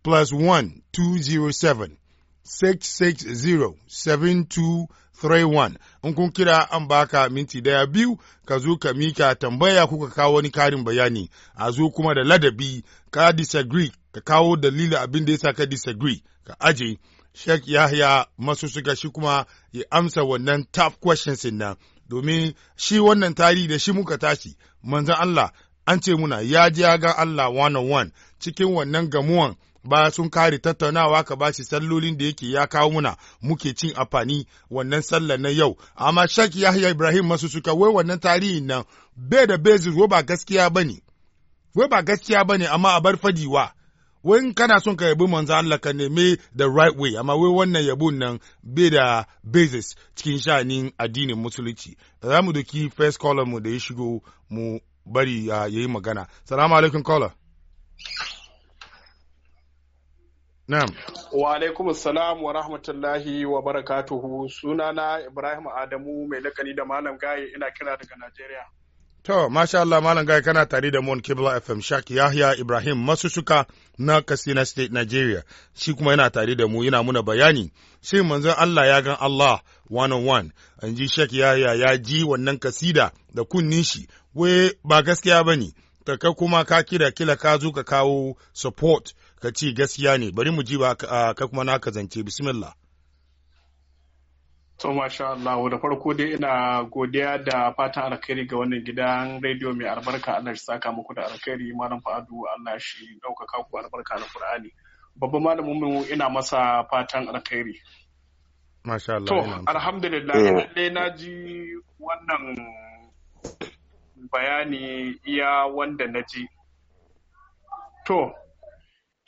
plus 1207 660 7231 3-1 in kun kira an baka minti daya biyu ka zo ka mika tambaya kuka kawo wani karin bayani a zo kuma da ladabi ka disagree ka kawo dalilin abin da yasa ka disagree ka aje Sheikh Yahya masu suka shi kuma ya amsa wannan tough questions nan domin shi wannan tarihi da shi muka tashi manzon Allah an ce muna ya ji ya ga Allah one on one cikin wannan gamuwan ba sun kare tattaunawa ka bashi sallolin da yake ya kawo muna muke cin amfani wannan sallar na yau amma shak yahya ibrahim masu suka wai wannan tarihin nan bai da bezir wai ba gaskiya bane wai ba gaskiya bane amma a bar fadiwa wai kana son ka yabi manzo Allah ka neme the right way amma wai wannan yabon nan bai da basis cikin shanin addinin musulunci za mu doki first caller mu da ya shigo mu bari ya yi magana salamu alaikum caller Na'am. Wa alaikum salam wa rahmatullahi wa barakatuhu. Sunana Ibrahim Adamu mai lakani da Malam Gaye ina kira daga Najeriya. To, masha Allah Malam Gaye kana tare da Mon Kibla FM Shak Yahya Ibrahim masusuka na Katsina State Nigeria. Shi kuma yana tare da mu yana muna bayani. Shin manzon Allah ya gan Allah 101 an ji Shak Yahya ya ji wannan kasida da kunnin shi. We ba gaskiya bane. Ka kuma ka kira kila ka zo ka kawo support ka ci gaskiya ne bari mu ji ba ka kuma naka zance bismillah To masha Allah da farko dai ina godiya da fatan alkhairi ga wannan gidan rediyo mai albarka Allah shi saka muku da alkhairi malam Fa'adu Allah shi ɗaukaka ku albarka na Qur'ani. Babban malamin mu ina masa fatan alkhairi. Masha Allah. To alhamdulillah dai eh. na ji wannan bayani iya wanda na To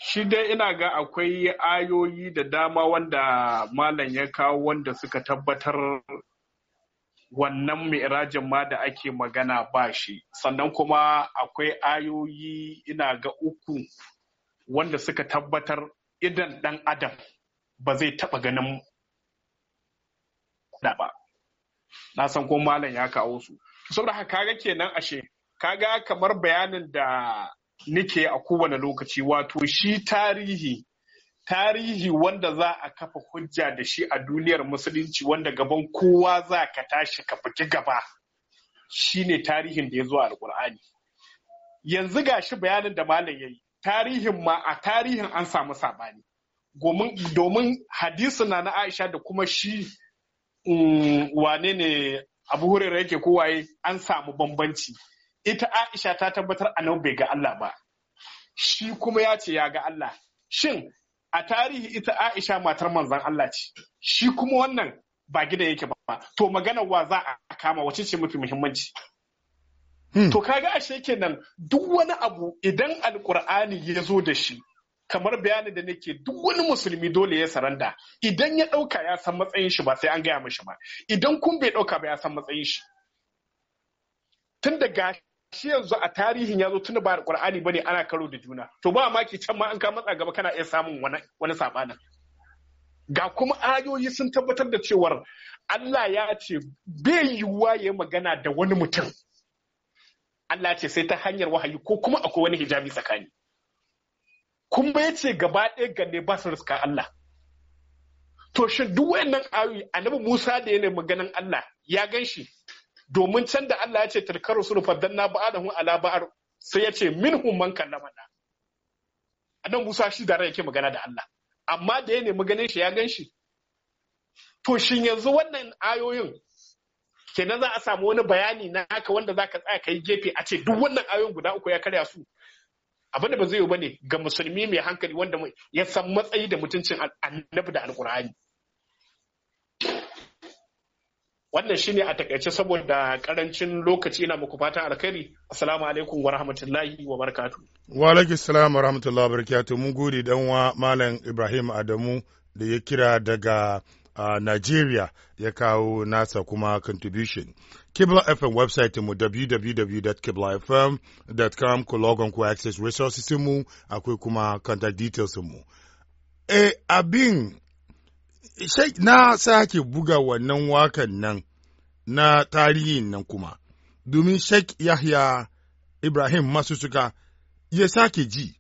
Shi dai ina ga akwai ayoyi da dama wanda malam ya kawo wanda suka tabbatar wannan mi'rajin ma da ake magana ba shi. Sannan kuma akwai ayoyi ina ga uku wanda suka tabbatar idan ɗan adam ba zai taɓa ganin da ba. Na san ko malam ya kawo su. Saboda haka kaga kenan ashe, kaga kamar bayanin da nike a kowane lokaci wato shi tarihi tarihi wanda za a kafa hujja da shi a duniyar musulunci wanda gaban kowa za ka tashi ka fiti gaba shine tarihin da ya zo a alkur'ani yanzu ga shi bayanin da malam ya yi tarihin ma a tarihin an samu sabani domin hadisi na na aisha da kuma shi mm, wane ne abu hurairar yake kowaye an samu bambanci ita Aisha ta tabbatar a annabi bai ga Allah ba shi kuma ya ce ya ga Allah shin a tarihi ita Aisha matar manzon Allah ce shi kuma wannan ba gida yake ba to maganar wa za a kama wacce ce mafi muhimmanci hmm. to kaga ashe kenan duk wani abu idan alkur'ani ya zo da shi kamar bayanin da nake duk wani musulmi dole ya saranda idan ya ɗauka ya san matsayin shi ba sai an gaya mishi ba idan kun bai ɗauka ba ya san matsayin shi tun da shi yanzu a tarihin ya zo tuna ba ne bane ana karo da juna to ba maki can ma an ka matsa gaba kana iya samun wani wani ga kuma ayoyi sun tabbatar da cewar Allah ya ce bai yiwuwa ya magana da wani mutum Allah ce sai ta hanyar wahayi ko kuma akwai wani hijabi tsakani kuma ya ce gaba ɗaya ganne ba su riska Allah to shin duk wayannan ayoyi annabi Musa da yana maganan Allah ya ganshi. domin can da Allah ya ce tilkar rusulu faddanna ba'adahu ala ba'ar sai ya ce minhum man A nan Musa shi da rai yake magana da Allah amma da ya nemi ganin shi ya gan shi to shin yanzu wannan ayoyin kenan za a samu wani bayani na haka wanda za ka tsaya ka yi gefe a ce duk wannan ayoyin guda uku ya karya su abinda ba zai yi ne ga musulmi mai hankali wanda ya san matsayi da mutuncin annabi da alkur'ani Wannan shine a takaice saboda karancin lokaci ina muku fatan alkhairi. Assalamu alaikum wa rahmatullahi wa barakatu. Wa alaikum salam wa rahmatullahi wa barakatu. Mun gode dan wa Malam Ibrahim Adamu da ya kira daga uh, Nigeria ya kawo nasa kuma contribution. Kibla FM website mu www.kiblafm.com ku logon ku access resources mu akwai kuma contact details mu. E abin na sake buga wannan wakan nan na tarihin nan kuma, domin Sheikh Yahya Ibrahim masu suka ya sake ji,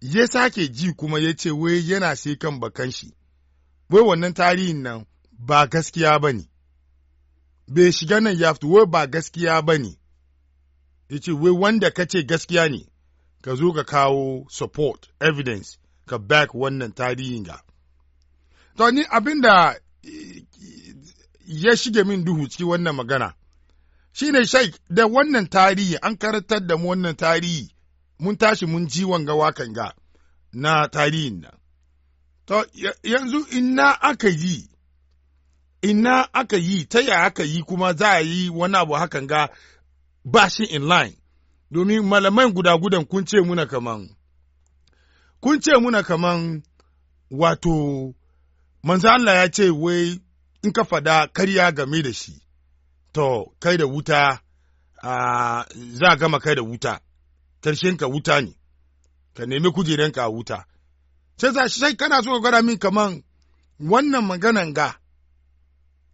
ya sake ji kuma ya ce wai yana sai kan bakan shi, wai wannan tarihin nan ba gaskiya ba ne, bai shiga nan ya fito wai ba gaskiya ba ne, ya ce wai wanda ka ce gaskiya ne, ka zo ka kawo support, evidence, ka back wannan tarihin ga. To ni abin da ya shige min duhu ciki wannan magana, shi ne shaik da wannan tarihi an karatar da mu wannan tarihi mun tashi mun ji wanga wakan ga na tarihin nan. To yanzu ina aka yi, ina aka yi, ta ya aka yi kuma za a yi wani abu hakan ga bashin in line, domin malaman guda-gudan kun ce muna kaman, kun ce muna kaman wato manzo Allah ya ce wai in ka faɗa karya game da shi, to kai da wuta a za gama kai da wuta, karshen ka wuta ne, ka nemi kujerenka a wuta. Sai za shi kana so ka gwada min kaman wannan maganan ga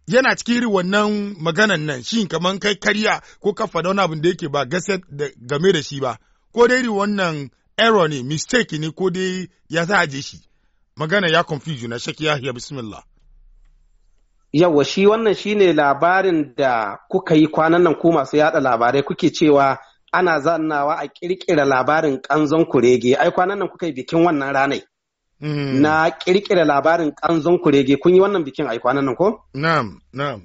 yana cikin wannan maganan nan shi kaman kai karya ko ka faɗa wani abin da yake ba gaske game da shi ba, ko dai wannan error ne, mistake ne ko dai ya za a je shi. magana ya confuse na shaki yahiya bismillah yawa shi wannan shine labarin da kuka yi kwanan nan ku masu yada labarai kuke cewa ana zannawa a kirkira labarin kanzon kurege ai kwanan nan kuka yi bikin wannan ranai hmm. na kirkira labarin kanzon kurege kun yi wannan bikin ai kwanan nan ko? Na'am, na'am.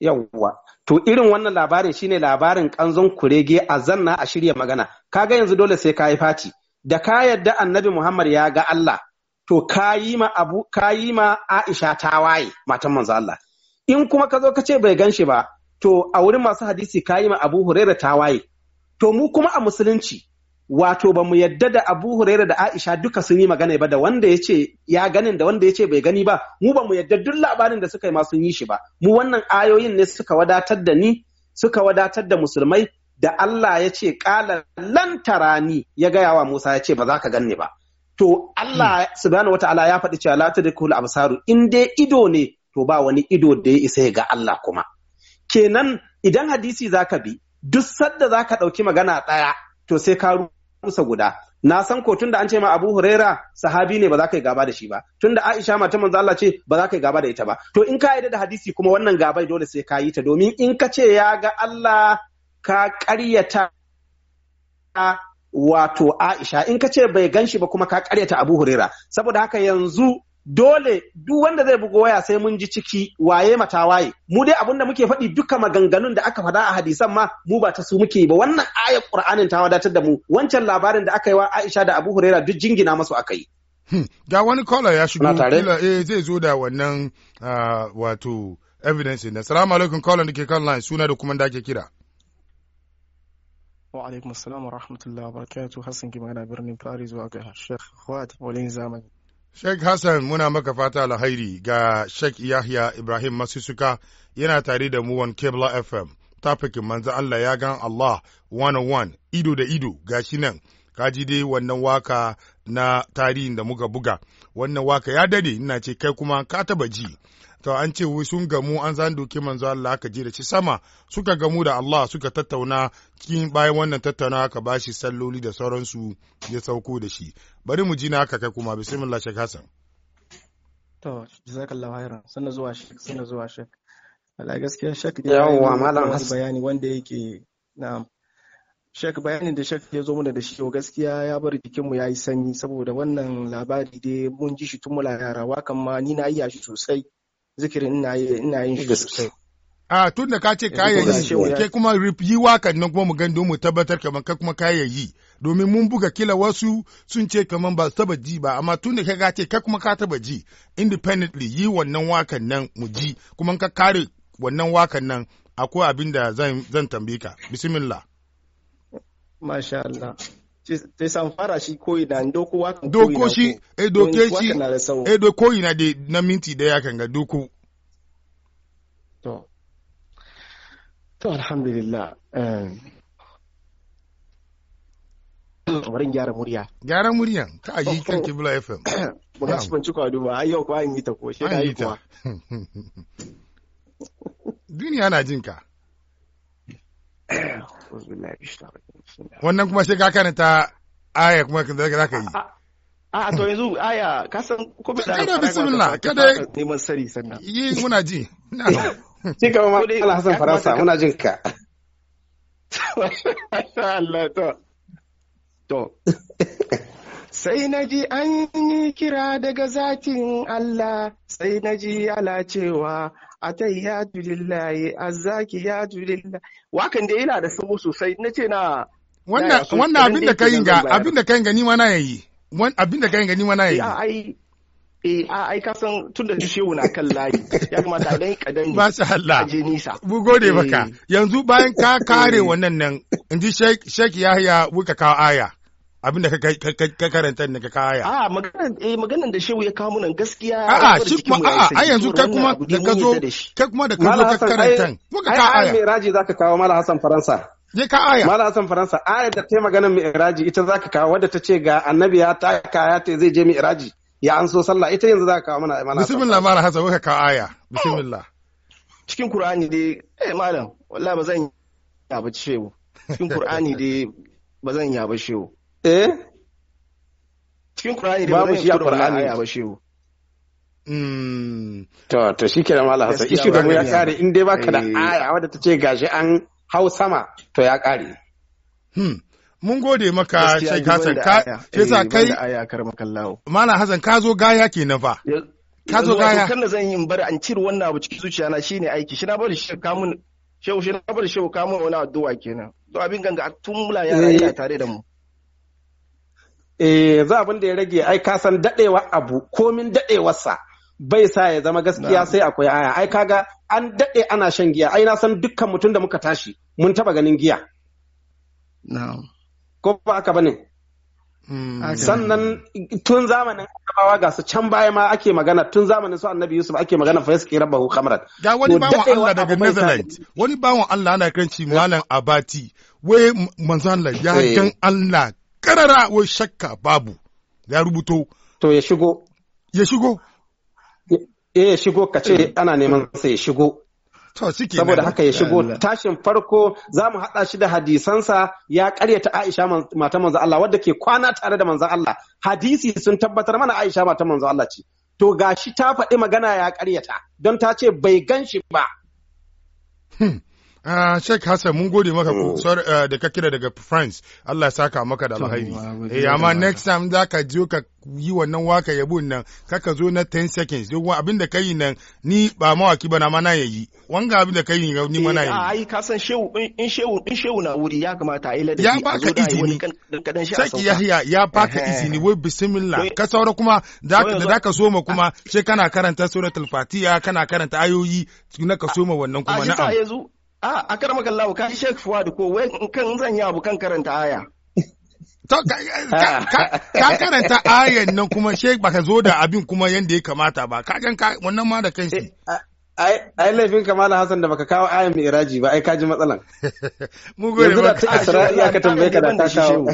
Yawwa. To irin wannan labarin shine labarin kanzon kurege a zanna a shirya magana. Kaga yanzu dole sai ka yi fati. Da ka yadda annabi Muhammad ya ga Allah, to ka ma abu kayi ma Aisha waye matan manzo Allah in kuma ka zo ka ce bai ganshi ba to a wurin masu hadisi kayi ma Abu Huraira waye, to mu kuma a musulunci wato ba mu yadda da Abu Huraira da Aisha duka sun yi magana ba da wanda ya ce ya ganin da wanda ya ce bai gani ba mu ba mu yadda duk labarin da suka yi ma sun yi shi ba mu wannan ayoyin ne suka wadatar da ni suka wadatar da musulmai da Allah ya ce ƙala lan tarani ya gaya wa Musa ya ce ba za ka ganni ba to Allah subhanahu Taala ya faɗi cewa la tudrikul absaru in dai ido ne to ba wani ido da ya isa ga Allah kuma kenan idan hadisi zaka bi duk sadda zaka ɗauki magana ɗaya to sai ka rusa guda na san ko tunda an ce ma Abu Huraira sahabi ne ba za ka yi gaba da shi ba tunda Aisha mata manzo Allah ce ba za ka yi gaba da ita ba to in ka yarda da hadisi kuma wannan gabai dole sai ka yi ta domin in ka ce ya ga Allah ka ƙaryata wato Aisha in ka ce bai gan shi ba kuma ka karyata Abu Huraira saboda haka yanzu dole duk wanda zai bugo waya sai mun ji ciki waye mata waye mu dai abin da muke faɗi duka maganganun da aka faɗa a hadisan ma mu ba ta su muke ba wannan ayar Qur'anin ta wadatar da mu wancan labarin da aka yi wa Aisha da Abu Huraira duk jingina masu aka yi hmm, ga wani kola ya shigo kila eh zai zo da wannan ah, wato evidence din assalamu alaikum caller da kan line suna da kuma da ake kira wa alaikum assalam wa rahmatullahi wa barakatuh hassan ki magana birnin paris wa ga sheikh khawat walin zamani Sheikh Hassan muna maka fata alhairi ga Sheikh Yahya Ibrahim Masusuka yana tare da mu Kebla FM. Tafikin manzo Allah ya gan Allah 101 ido da ido gashi nan. Kaji dai wannan waka na tarihin da muka buga. Wannan waka ya dade ina ce kai kuma ka taba ji. to an ce wai sun gamu an zan doke manzo Allah aka je da shi sama suka gamu da Allah suka tattauna cikin bayan wannan tattauna aka bashi salloli da sauransu ya sauko da shi bari mu ji na kai kuma bismillah shek hasan to jazakallahu khairan sanna zuwa shek sanna zuwa shek Allah gaskiya shek wa malam hasan bayani wanda yake na shek bayani da shek ya zo mana da shi gaskiya ya bar jikinmu ya yi sanyi saboda wannan labari dai mun ji shi tun mula yara wakan ma ni na iya shi sosai zikirin ina yi ina yin shi sosai a tun da ka ce kayayyi ke kuma yi wakan nan kuma mu gani don mu tabbatar kamar ka kuma kayayyi domin mun buga kila wasu sun ce kamar ba taba ji ba amma tun da ka ga ce ka kuma ka taba ji independently yi wannan wakan nan mu ji kuma ka kare wannan wakan nan akwai abin da zan tambaye ka bismillah masha Allah ta samfara shi koyi da doko wakan doko shi e doke shi e doko na de na minti ya kan ga doko to to alhamdulillah eh. bari gyara murya gyara murya ka yi kan kibla fm ba [COUGHS] ka cikin cikwa ba ai yau ko an yi ta ko shi da yi kuwa [LAUGHS] duniya na jin ka. wannan kuma sai ka karanta aya kuma gada ka yi a to yanzu aya ka san ko bi da kada bismillah kada neman sari sannan yi muna ji [LAUGHS] ci ka ma Allah Hassan Faransa muna jin ka [LAUGHS] [LAUGHS] Allah to to sai na ji an yi kira daga zatin Allah sai na ji ala cewa ya atayyatu lillahi ya lillahi wakan da yana da sabo sosai na ce na wannan abinda abin da ga abinda ka yi ga ni ma na yayi abin da yi ga ni ma na yayi eh, eh, a eh ai ka san tun da shehu na kan layi ya ta dan kadan ne masha Allah je nisa mu gode maka eh. yanzu bayan ka kare wannan nan inji Sheikh Sheikh Yahya wuka kawo aya abin da ka karanta ne ka kaya. A ah, maganan eh maganan da shehu ya kawo mun gaskiya. A a shi kuma a a yanzu kai kuma da ka zo kai kuma da ka zo ka karanta. Ko ka ka aya. Ai miraji zaka kawo Mala Hassan Faransa. Je ka aya. Mala Hassan Faransa aya da ta maganan miraji ita zaka kawo wadda ta ce ga annabi ya ta kaya ta zai je miraji. Ya an so sallah ita yanzu zaka kawo mana Mala Bismillah Mala Hassan ka kawo aya. Bismillah. Cikin Kur'ani dai eh malam wallahi ba zan yaba shehu. Cikin Kur'ani dai ba zan yaba shehu. eh cikin Qur'ani babu shi a Qur'ani ba shehu hmm. to to shikenan Malam Hassan ishi da mu ya kare in dai baka da eh. aya wadda ta ce gashi an hau sama to ya kare hmm. mun gode maka Sheikh Hassan ka yasa eh, kai Malam Hassan ka zo gaya kenan fa ka zo gaya kan da zan yi in bar an cire wannan abu cikin zuciya na shine aiki shi na bari shi ka mun shehu shi na bari shehu ka mun wani addu'a kenan to abin ganga tun mula yara yana eh. tare da mu Eh, yanzu abin da ya rage ai ka san dadewa abu komin dadewarsa bai sa ya zama gaskiya sai akwai aya ai kaga an dade ana shan giya ai na san dukkan mutum da muka tashi mun taba ganin giya ko ba haka bane mm, sannan tun zamanin annabawa ga su can baya ma ake magana tun zamanin su annabi yusuf ake magana fa yasqi rabbahu khamran ga wani bawon Allah daga Netherlands wani bawan Allah ana kiranci malam abati we manzo Allah ya eh. gan Allah karara wai shakka babu ya rubuto to ya shigo ya shigo eh ya shigo ka ce eh. ana neman sa ya shigo saboda haka ya shigo tashin farko za mu haɗa shi da hadisansa ya karyata Aisha mata manzo Allah wadda ke kwana tare da manzo Allah hadisi sun tabbatar mana Aisha mata manzo Allah ce to gashi ta faɗi magana ya karyata don ta ce bai gan shi ba hmm. Uh, Sheikh Hassan mun gode maka mm. Sorry, uh, da ka kira daga France Allah ya saka maka da alhairi eh amma next time za ka je ka yi wannan waka yabon nan kaka zo na 10 seconds duk abin da kai nan ni ba mawaki ba na mana yayi wanga abin da kai ni ni mana eh, yayi ai ka san shehu in shehu in shehu na wuri ya kamata a yi ladabi ya baka izini Sheikh Yahya ya baka eh. izini wai bismillah ka saura kuma da da ka soma kuma sai kana karanta suratul fatiha kana karanta ayoyi na ka soma wannan kuma na'am a akar makallawa ka shek fuad ko wai kan zan yi abu kan karanta aya To, ka karanta ayan nan kuma shek baka zo da abin kuma yadda ya kamata ba, ka gan wannan ma da kanshi. Eh, ai laifin kamala Hassan da baka kawo ayan mai iraji ba, ai ka ji matsalan. [LAUGHS] Mu gode ba ka tambaye ka da ta kawo.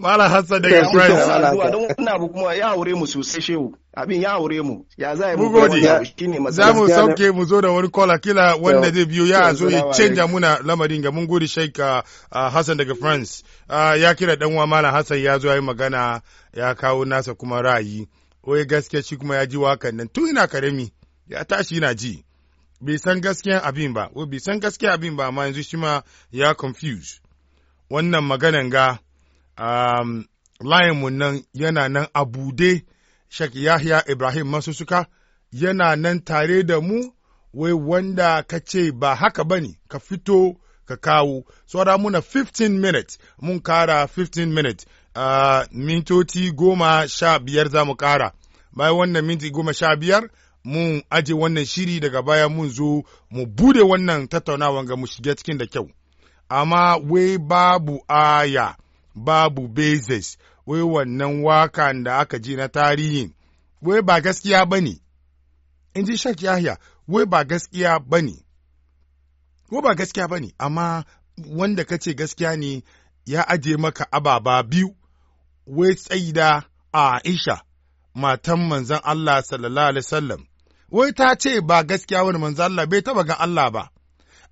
Mala Hassan daga Christ. Don wannan abu kuma ya aure mu sosai shehu. Abin ya aure mu. Ya za mu gode. Za mu sauke mu zo da wani kola kila wanda zai biyo ya zo ya canja muna lamarin ga mun gode Sheikh uh, uh, Hassan daga France. Uh, ya kira dan uwa Mala Hassan ya zo ya yi magana ya kawo nasa kuma ra'ayi. Oye gaskiya shi kuma ya ji wakan nan tun ina karami ya tashi ina ji. Bai san gaskiyan abin ba, bai san gaskiyan abin ba amma yanzu shi ma ya confuse. Wannan maganan ga um, mu nan yana nan a bude Sheikh Yahya Ibrahim Masusuka yana nan tare da mu wai wanda ka ce ba haka ba ne ka fito ka kawo saura so, muna 15 minutes mun kara 15 minutes uh, mintoti goma sha biyar za mu kara bayan wannan minti goma sha biyar mun aje wannan shiri daga baya mun zo mu bude wannan tattaunawa ga mu shiga cikin da kyau amma wai babu aya babu bezes wai wannan waka da aka ji na tarihin wai ba gaskiya ba ne in ji shak yahya wai ba gaskiya ba ne wai ba gaskiya ba ne amma wanda ka ce gaskiya ne ya aje maka ababa biyu wai tsaida aisha matan manzan Allah sallallahu alaihi wasallam wai ta ce ba gaskiya wani manzan Allah bai taba ga Allah ba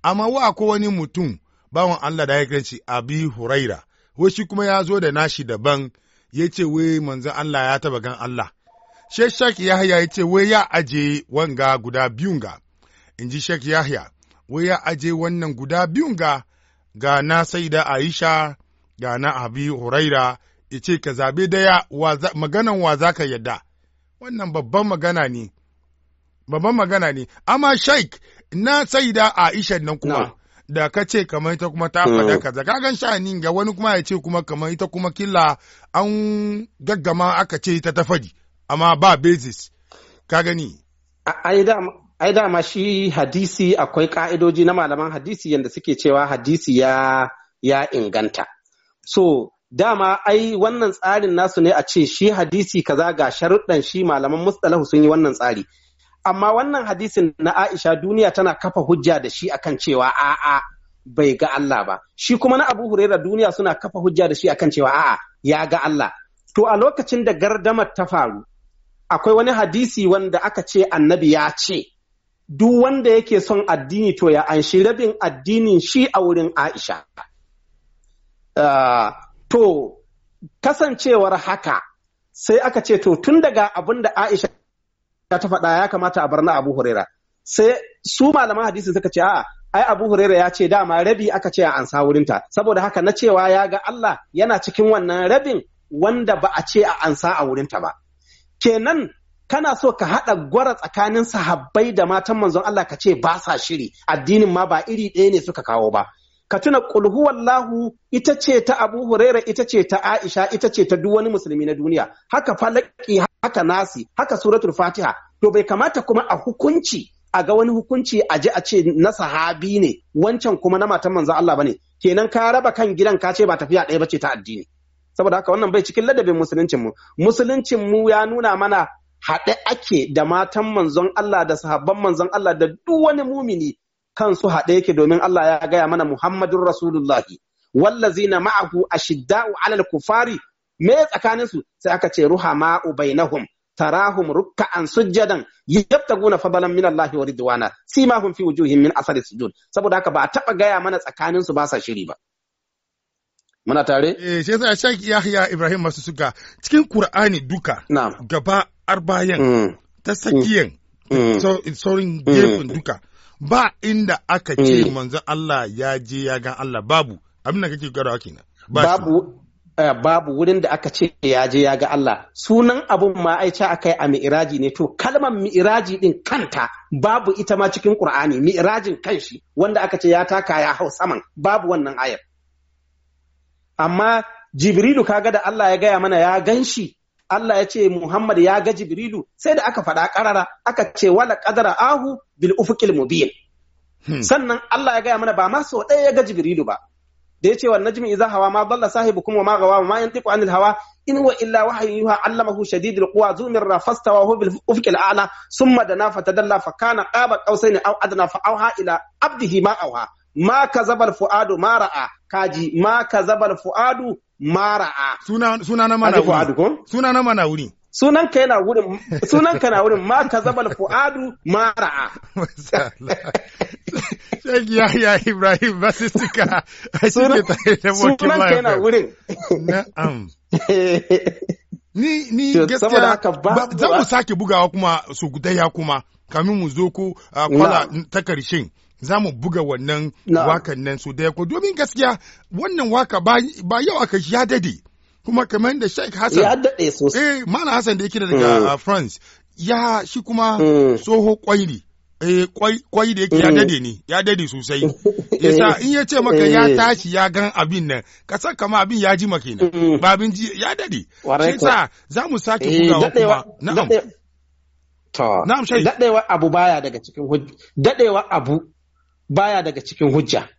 amma wa ko wani mutum bawan Allah da ya shi Abi Huraira wai shi kuma ya zo da nashi daban ya ce wai manzan Allah ya taba gan Allah she shek yahya ya ce wai ya aje wanga guda biyun ga in ji shek yahya wai ya aje wannan guda biyun ga ga na saida aisha ga na abi huraira ya ce ka zabe daya maganan wa za ka yadda wannan babban magana ne babban magana ne amma sheik na saida aisha nan No. da ka ce kamar ita kuma ta faɗa hmm. kaza ka gan ga wani kuma ya ce kuma kamar ita kuma killa an gaggama aka ce ita ta faɗi amma ba basis ka gani ai dama shi hadisi akwai ka'idoji na malaman hadisi yadda suke cewa hadisi ya inganta so dama ai wannan tsarin nasu ne a ce shi hadisi kaza ga sharuɗan shi malaman mustalahu sun yi wannan tsari amma wannan hadisin na Aisha duniya tana kafa hujja da shi akan cewa a'a bai ga Allah ba shi kuma na Abu Huraira duniya suna kafa hujja da shi akan cewa a'a ya ga Allah to a lokacin da gardamar ta faru akwai wani hadisi wanda aka ce annabi ya ce duk wanda yake son addini to ya anshi rabin addinin shi a wurin Aisha uh, to kasancewar haka sai aka ce to tun daga abin da Aisha ta faɗa ya kamata a bar na Abu Huraira sai su malaman hadisin suka ce a'a ai Abu Huraira ya ce dama rabi aka ce a ansa wurinta saboda haka na cewa ya ga Allah yana cikin wannan rabin wanda ba a ce a ansa a wurinta ba kenan kana so ka haɗa gwara tsakanin sahabbai da matan manzon Allah ka ce ba sa shiri addinin ma ba iri ɗaya ne suka kawo ba ka tuna kulhuwallahu ita ce ta Abu Huraira ita ce ta Aisha ita ce ta duk wani musulmi na duniya haka falaki haka nasi haka suratul Fatiha to bai kamata kuma a hukunci a ga wani hukunci a ji a ce na sahabi ne wancan kuma na matan manzo Allah bane kenan ka raba kan gidan ka ce ba tafiya ɗaya bace ta addini saboda haka wannan bai cikin ladabin musuluncin mu musuluncin mu ya nuna mana haɗe ake da matan manzon Allah da sahabban manzon Allah da duk wani mumini Kan su haɗe yake domin Allah ya gaya mana Muhammadun Rasulullahi wallazina ma'ahu ashidda'u 'alal kufari me tsakanin su sai aka ce ruhama'u bainahum tarahum ruk'an sujjadan yabtaguna fadlan min Allah wa ridwana simahum fi wujuhihim min asari sujud saboda haka ba a taɓa gaya mana tsakanin su ba sa shiri ba muna tare eh sai sai Sheikh Yahya Ibrahim masu suka cikin Qur'ani duka gaba arbayan mm. ta sakiyan mm. saurin gefen duka ba inda aka ce eh. manzon Allah ya je ya gan Allah babu abin da kake karawa kenan babu eh, babu wurin da aka ce ya je ya ga Allah sunan abun ma aica akai a mi'iraji ne to kalmar mi'iraji din kanta babu ita ma cikin Qur'ani mi'irajin kanshi wanda aka ce ya taka ya hau saman babu wannan ayar amma Jibrilu kaga da Allah ya gaya mana ya ganshi. shi Allah ya ce Muhammad ya ga Jibrilu sai da aka faɗa ƙarara aka ce wala qadara ahu bil ufuqil mubin hmm. sannan Allah ya gaya mana ba ma sau ɗaya ya ga Jibrilu ba da ya ce wa najmi idza hawa ma dalla sahibu kuma ma gawa ma yantiqu anil hawa in wa illa wahyun yuha allamahu shadidul quwa zumir rafasta wa huwa bil ufuqil a'la summa dana fatadalla fa kana qaba qausaini aw adna fa auha ila abdihi ma auha ma ka zabar fu'adu ma ra'a kaji ma ka zabar fu'adu ma ra'a suna na mana wuri suna na mana wuri sunan ka yana wurin sunan ka na wurin ma ka zabar fu'adu ma ra'a Sheikh Yahya Ibrahim Basistika a cikin tare da Mokin Sunan ka yana wurin Na'am [LAUGHS] Ni ni gaskiya za mu sake bugawa kuma su gudaya kuma kamin mu zo ku kwala ta karshen za mu buga wannan wakan nan su ya ko domin gaskiya wannan waka ba yau aka ya dade kuma kamar da Sheikh Hassan ya dade sosai eh Malam Hassan da yake daga mm. uh, France ya shi kuma mm. soho kwairi eh kwai da yake ya mm. dade ne ya dade sosai [LAUGHS] yasa in ya ce maka ya eh. tashi ya gan abin nan ka san kama abin ya ji maka kenan ba abin ji ya dade shi yasa za mu sake eh, bugawa kuma na'am na'am shai dadewa abu baya daga cikin dadewa abu baya daga cikin hujja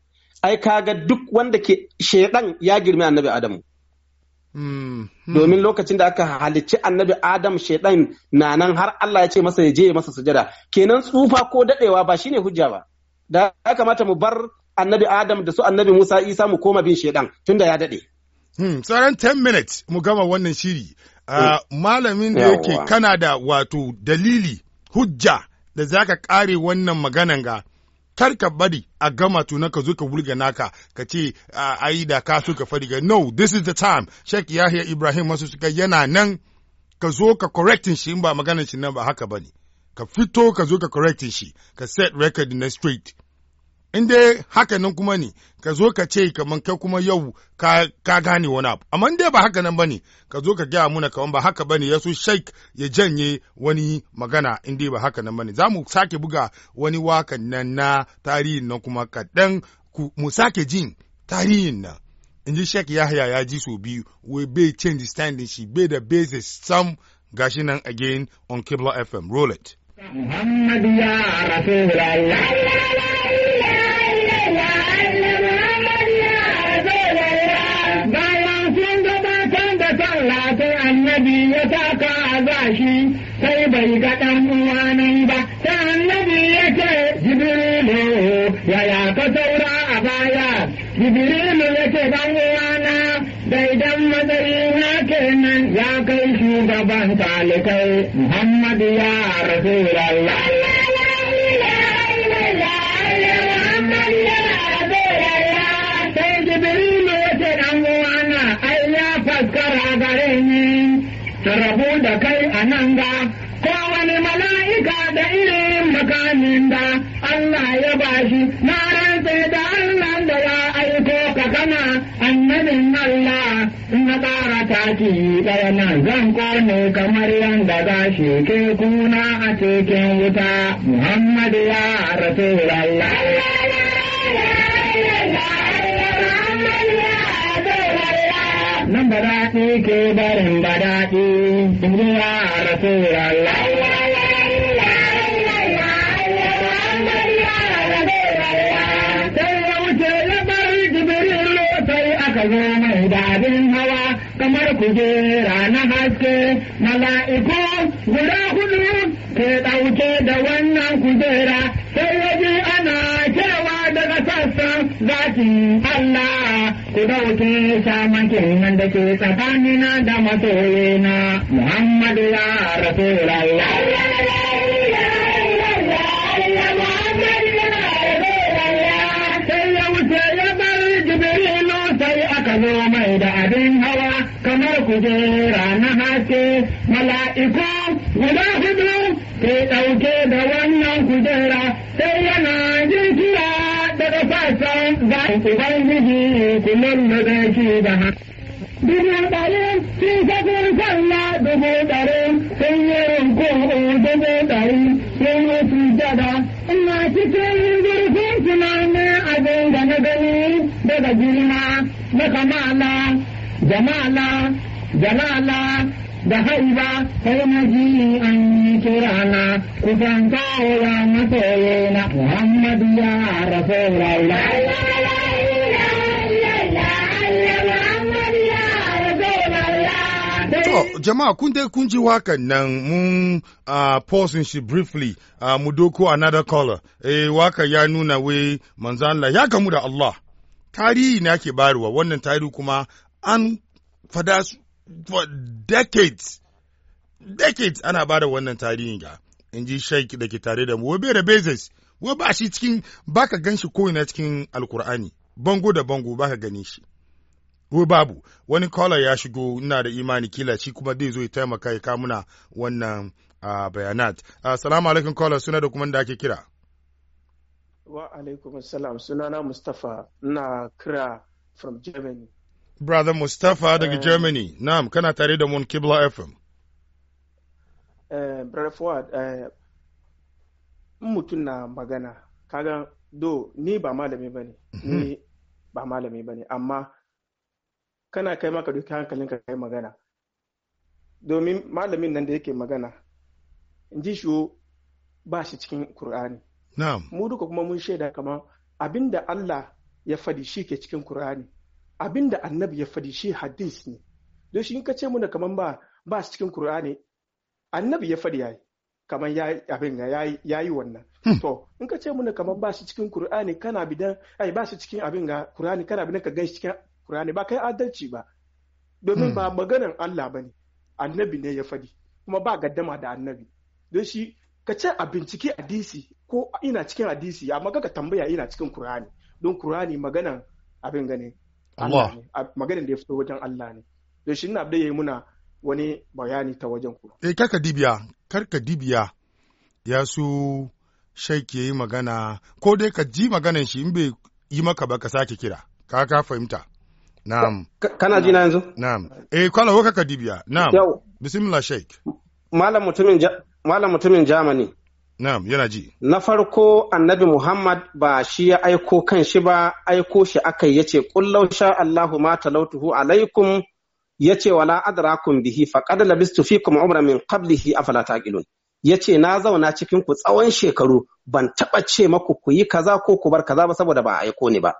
ai kaga duk wanda ke shaiɗan ya girme annabi adamu hmm, hmm. domin lokacin da aka halicci annabi adam shaiɗan na nan har Allah ya ce masa ya je masa sujada kenan tsufa ko dadewa ba shine hujja ba da ya kamata mu bar annabi adam da su annabi musa isa mu koma bin tun tunda ya dade tsaron hmm, 10 minutes mu gama wannan shiri ah, malamin da yake kana da wato dalili hujja da zaka kare wannan maganan ga kar ka bari a gama tuna ka zo ka wulga naka ka ce ai da ka so ka fari ga no this is the time Sheikh Yahya Ibrahim masu suka yana nan ka zo ka correcting shi in ba maganar shi nan ba haka bane ka fito ka zo ka correcting shi ka set record na straight in dai haka nan kuma ne ka zo ka ce kamar kai kuma yau ka, gane wani abu amma dai ba haka nan bane ka zo ka gaya muna kamar ba haka bane yaso sheik ya janye wani magana in dai ba haka nan bane za mu sake buga wani wakan nan na tarihin nan kuma kaɗan mu sake jin tarihin nan in ji sheik yahya ya ji so biyu we be change standing shi be da basis sam gashi nan again on kibla fm roll it muhammad ya jibrilu yake dan uwana da idan matsayina kenan ya kai shugaban talikai muhammad ya rasulallah sai jibrilu yake dan uwana ai ya faskara gare ni rabu da kai a nan ga wani mala'ika da irin makamin da Allah ya bashi na rantse da Allah da ya aiko ka kana annabin Allah na ƙara taki ɗaya nan zan kone kamar yadda za shi ke kuna a cikin wuta Muhammadu ya Rasulallah. nan ba daɗi ke barin ba daɗi, duniya a Rasulallah. aka mai dadin hawa kamar kujera na haske mala'iku guda hudu ke ɗauke da wannan kujera sai waje ana cewa daga sassan zakin Allah ku ɗauke shamakin nan da ke tsakanina da masoyina Muhammadu ya rasu rayuwa. abin hawa kamar kujera na haske mala'iku guda hudu ke ɗauke da wannan kujera sai yana jin kira daga fasan zai ubangiji kullum da zaki da haske. dubu ɗari sun sakon sallah dubu ɗari sun yi rinkun dubu ɗari sun yi sujada ina cikin zurfin tunanin abin da na gani daga girma da kamala jamala jama'ala da haiba kai na ji an kira na kusan ya masoye na muhammadu ya rasu raula To, jama'a kun dai kun ji wakan nan mun uh, pause shi briefly uh, mu doko another color. Eh, waka ya nuna wai manzan Allah ya gamu da Allah. tarihi na ke bayarwa wannan tarihi kuma an fada for decades decades ana ba da wannan tarihin ga in ji sheik da ke tare da mu wabe da bezes wa ba shi cikin baka gan shi ko ina cikin alkur'ani bango da bango baka gani shi wa babu wani kola ya shigo ina da imani kila shi kuma zai zo ya taimaka ya kamuna wannan bayanat assalamu alaikum kola suna da kuma da ake kira wa alaikum assalam sunana mustapha na kira from germany Brother Mustapha daga eh. Germany, Nam, kana tare da mun Kibla FM. Eh, Brother Fuad, uh, mutum na magana, kaga do ni ba malami ba ne, mhm. ni ba malami ba ne, amma kana kai maka duk hankalinka kai magana. Domin malamin nan da yake magana, in ji shi ba shi cikin Kur'ani. Mu duka kuma mun shaida kamar abinda Allah ya fadi shi ke cikin Kur'ani. abin da annabi ya faɗi shi hadis ne don shi in ka ce muna kaman ba ba su cikin Kur'ani annabi ya faɗi yayi kaman ya abin ya yi wannan hmm. to in ka ce muna kaman ba su cikin Kur'ani kana bidan ai ba su cikin abin ga Kur'ani kana bidan ka ganshi cikin Kur'ani ba kai adalci ba domin ba hmm. maganar Allah bane annabi ne ya faɗi kuma ba gaddama da annabi don shi ka ce a bincike hadisi ko ina cikin hadisi amma ka tambaya ina cikin Kur'ani don Kur'ani maganar abin gane maganin da ya fito wajen Allah ne to shi ina da yayi muna wani bayani ta wajen ku eh karka dibiya karka dibiya ya su shaiki yayi magana ko dai ka ji maganan shi in bai yi maka ba ka sake kira ka ka fahimta na'am kana ji na yanzu na'am eh kwana waka ka dibiya na'am bismillah sheik malam mutumin malam mutumin Germany Na'am, yana ji. Na farko Annabi Muhammad ba shi ya aiko kan shi ba, aiko shi aka yi yace qul sha Allahu ma talautuhu alaikum yace wala adrakum bihi faqad labistu fikum umran min qablihi afala taqilun. Yace na zauna cikin ku tsawon shekaru ban taba ce maku ku yi kaza ko ku bar kaza ba saboda ba aiko ni ba.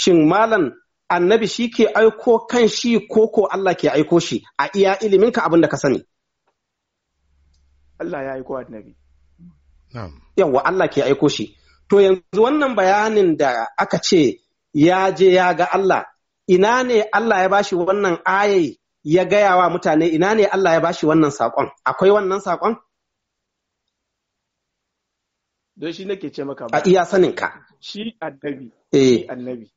Shin malam Annabi shi ke aiko kan shi ko ko Allah ke aiko shi a iya iliminka abin da ka sani. Allah ya aiko Annabi. yawa Allah ke aiko shi. To yanzu wannan bayanin da aka ce ya je ya ga Allah, ina ne Allah ya bashi wannan ayayi ya gaya wa mutane ina ne Allah ya bashi wannan saƙon, akwai wannan saƙon? Don shi nake ce maka ba. A iya sanin ka. Shi annabi. Eh. Annabi.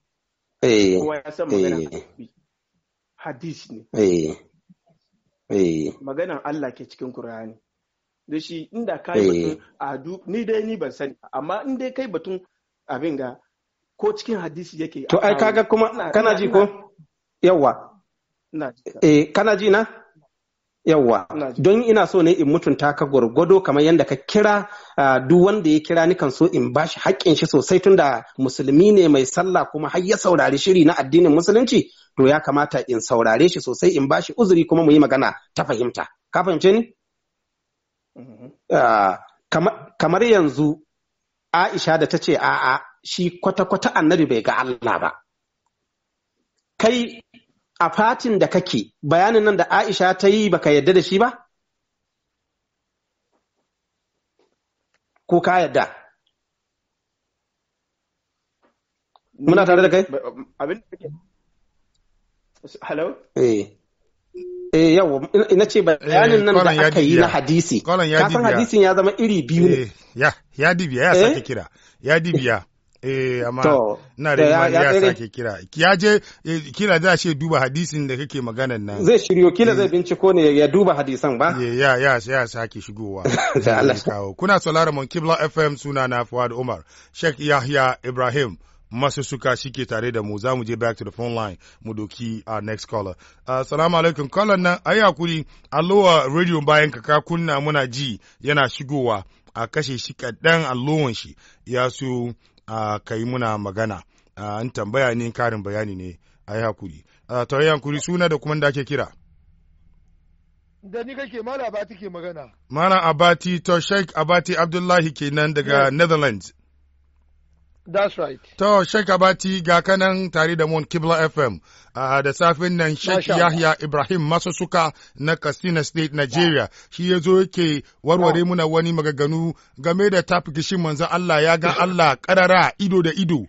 Eh. Kowa ya san magana eh. annabi. Hadis ne. Eh. Eh. Maganan Allah ke cikin Kur'ani. da shi inda kai batun eh. a duk ni dai ni ban sani amma in dai kai batun abin ga ko cikin hadisi yake to ai kaga kuma kana ji ko yawa eh kana ji na yawwa don ina so ne in mutunta ka gwargwado kamar yadda ka kira duk wanda ya kira ni kan so in bashi haƙƙin shi sosai tunda musulmi ne mai sallah kuma har ya saurari shiri na addinin musulunci to ya kamata in saurare shi sosai in bashi uzuri kuma mu yi magana ta fahimta ka fahimce ni Ah, kamar yanzu Aisha da ta ce a'a shi kwata-kwata annabi bai ga Allah ba. Kai a fatin da kake bayanin nan da Aisha ta yi baka yadda da shi ba? Ko ka yadda? Muna tare da kai? Abin da Hello? Eh. eh yawa ina ce bayanin eh, nan da aka yi na hadisi kasan hadisin ya zama iri biyu ne eh, ya dibiya ya eh? sake kira ya dibiya eh amma na da ya, ya sake kira ya je kira za shi duba hadisin da kake maganan nan zai shiryo kila zai binciko ne ya duba hadisan ba ya ya ya sake shigowa [LAUGHS] da Allah kawo kuna sauraron Kibla FM suna na Fuad Umar Sheikh Yahya Ibrahim masu suka shi ke tare da mu za mu je back to the phone line mu doki our uh, next caller. Assalamu uh, alaikum caller nan ayi hakuri allowa radio bayan ka kunna muna ji yana shigowa a kashe shi kaɗan allowan shi ya su ka yi muna magana. An tambaya ne karin bayani ne ayi hakuri. Tare hakuri suna da kuma da ake kira. da ni kake mala abati ke magana mala abati to sheikh abati abdullahi kenan daga netherlands That's right. To, Sheikh Abati ga kanan tare da Mon Kibla FM uh, ah, da safin nan Sheikh Yahya Ibrahim Masasuka na Katsina State, Nigeria. Shi ya zo yake warware muna wani magaganu game da tafi gishin manzo Allah ya ga Allah karara ido da ido.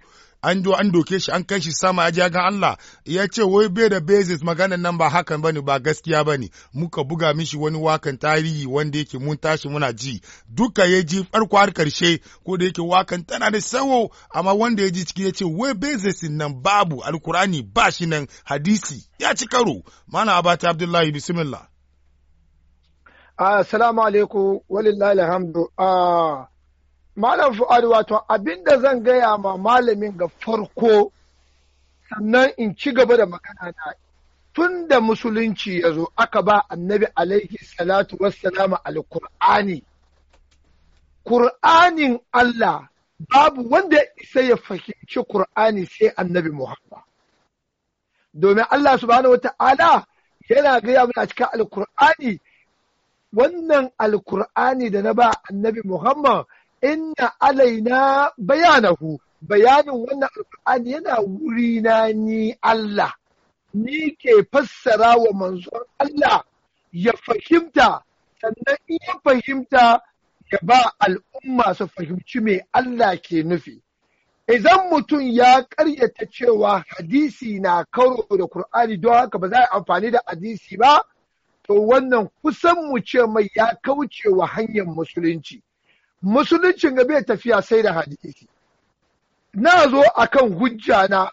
an do an doke shi an kai shi sama ya jagan Allah ya ce wai bai da basis maganan nan ba hakan bane ba gaskiya bane muka buga mishi wani wakan tarihi wanda yake mun tashi muna ji duka ya ji farko har karshe ko da yake wakan tana da sawo amma wanda ya ji ciki ya ce wai basis nan babu alkurani ba shi nan hadisi ya ci karo mana abata abdullahi bismillah ah, assalamu alaikum walillahi alhamdu ah, Malam Fu'ad wato abinda zan gaya ma malamin ga farko sannan in ci gaba da magana na tun da musulunci ya zo aka ba annabi alaihi salatu al alkur'ani Kur'anin Allah babu wanda isa ya fahimci Kur'ani sai annabi Muhammad. Domin Allah subhanahu wa ta'ala yana gaya mana cikin al alkur'ani wannan al alkur'ani da na ba annabi Muhammad inna alaina bayanahu bayanin wannan alkur'ani yana wurina ni Allah ni ke fassara wa manzon Allah ya fahimta sannan in ya fahimta ya ba al'umma su fahimci me Allah ke nufi idan mutum ya karyata cewa hadisi na karo da Kur'ani don haka ba za a amfani da hadisi ba to wannan kusan mu ce mai ya kauce wa hanyar musulunci musuluncin ga bai tafiya sai da hadisi na zo akan hujja na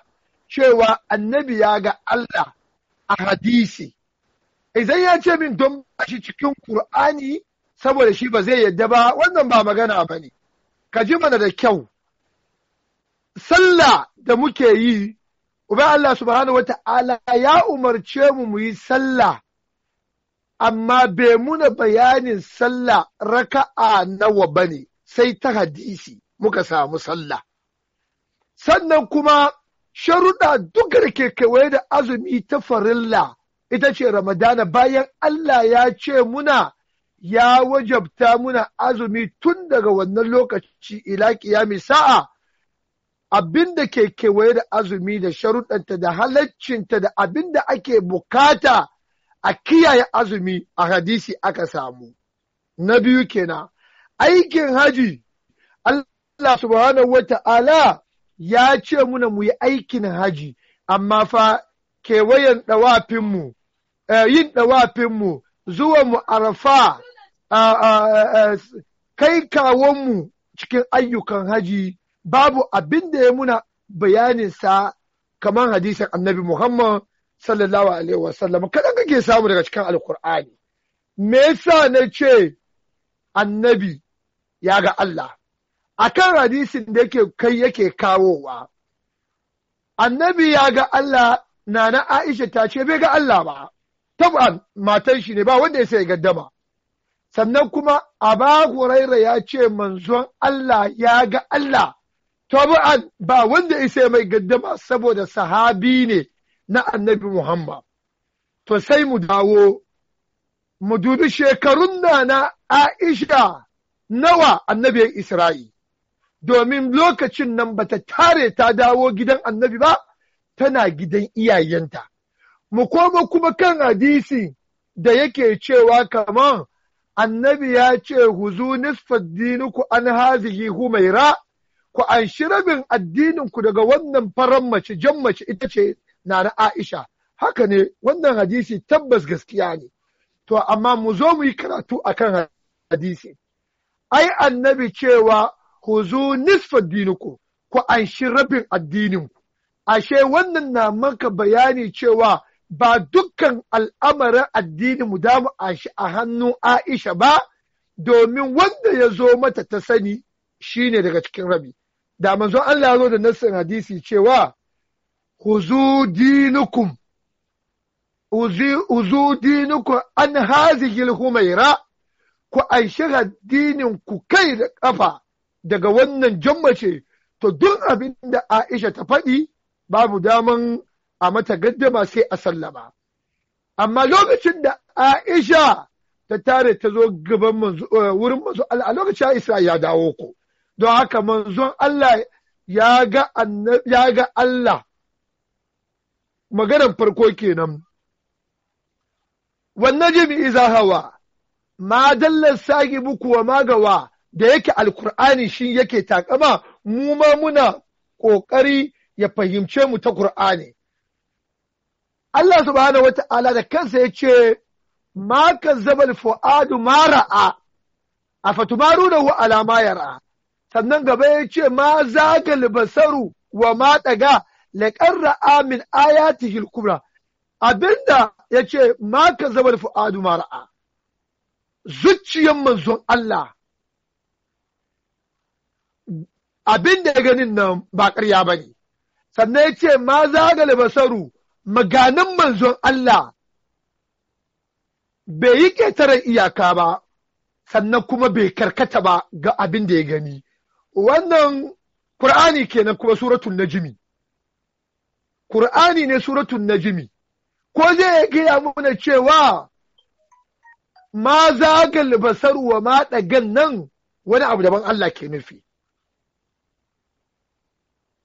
cewa annabi ya ga Allah a hadisi idan ya ce min don shi cikin Kur'ani saboda shi ba zai yadda ba wannan ba magana ba ne ka ji mana da kyau sallah da muke yi uba Allah subhanahu wata'ala ya umarce mu mu yi sallah amma bai muna bayanin sallah raka'a nawa bane sai ta hadisi muka samu sallah sannan kuma sharuɗa duka da kewaye da azumi ta farilla ita ce ramadana bayan Allah ya ce muna ya wajabta muna azumi tun daga wannan lokaci ila kiyami sa'a abin da ke kewaye da azumi da sharuɗanta da halaccinta da abin da ake bukata a kiyaye azumi a hadisi aka samu na biyu kenan aikin haji Allah subhanahu wa ta'ala ya ce muna mu yi aikin haji amma fa kewayen ɗawafinmu eh, yin ɗawafinmu zuwa mu arafa kai kawonmu cikin ayyukan haji babu abin da ya muna bayaninsa kamar hadisin annabi Muhammad sallallahu alaihi wasallam kaɗan kake samu daga cikin alkur'ani me yasa na ce annabi ya ga Allah akan hadisin da yake kai yake kawowa annabi ya ga Allah nana Aisha ta ce bai ga Allah ba tab'an matan shi ne ba wanda ya sai gaddama sannan kuma Aba Huraira ya ce manzon Allah ya ga Allah tab'an ba wanda ya sai mai gaddama saboda sahabi ne na annabi Muhammad. To sai mu dawo, mu dubi shekarun na na Aisha nawa annabiyar Isra'i, domin lokacin nan bata tare ta dawo gidan annabi ba, tana gidan iyayenta. Mu koma kuma kan hadisi da yake cewa kamar annabi ya ce huzu nisfar diniku an hazihi humaira ku an shi rabin addininku daga wannan faran mace jan mace ita ce na na Aisha haka ne wannan hadisi tabbas gaskiya ne to amma mu zo mu yi karatu akan hadisi ai annabi cewa ku zo nisfa diniku ku anshi rabin addinin ku ashe wannan na maka bayani cewa ba dukkan al'amarin addini mu damu ashi a hannu Aisha ba domin wanda ya zo mata ta sani shine daga cikin rabi da manzo Allah ya zo da nassin hadisi cewa خذوا دينكم uzu دينكم an هذه humaira ku anshi ku kai da ƙafa daga wannan jammace to duk abinda Aisha ta faɗi babu daman a mata gaddama sai a sallama. Amma lokacin da Aisha ta tare ta zo gaban eh, wurin manzo Allah a lokacin Aisha ya dawo ku. Don haka manzon Allah ya ga Allah maganar farko kenan wannan jimi iza hawa ma dallar sagi muku wa magawa da yake alkur'ani shi yake takama mu ma muna ƙoƙari ya fahimce mu ta Kur'ani. Allah subhanahu wata'ala da kansa ya ce, Ma ka zabal fu'adu ma ra'a, a fatumaru da alama ya ra'a, sannan gaba ya ce, Ma zagal basaru wa ma ɗaga laƙarra amin min hilkura, al-kubra abinda yace ma ka fu'adu ma ra'a zuciyan manzon Allah abin da ya ganin nan ba ƙarya ba ne, sannan ya ce ma zagal basaru maganin manzon Allah bai yi ƙetaren iyaka ba, sannan kuma bai karkata ba ga abin da ya gani. Wannan Kur'ani kenan kuma suratun jimi. Kur'ani ne suratun najimi ko zai gaya mana cewa ma za ga wa ma ɗagan nan wani abu daban Allah ke nufi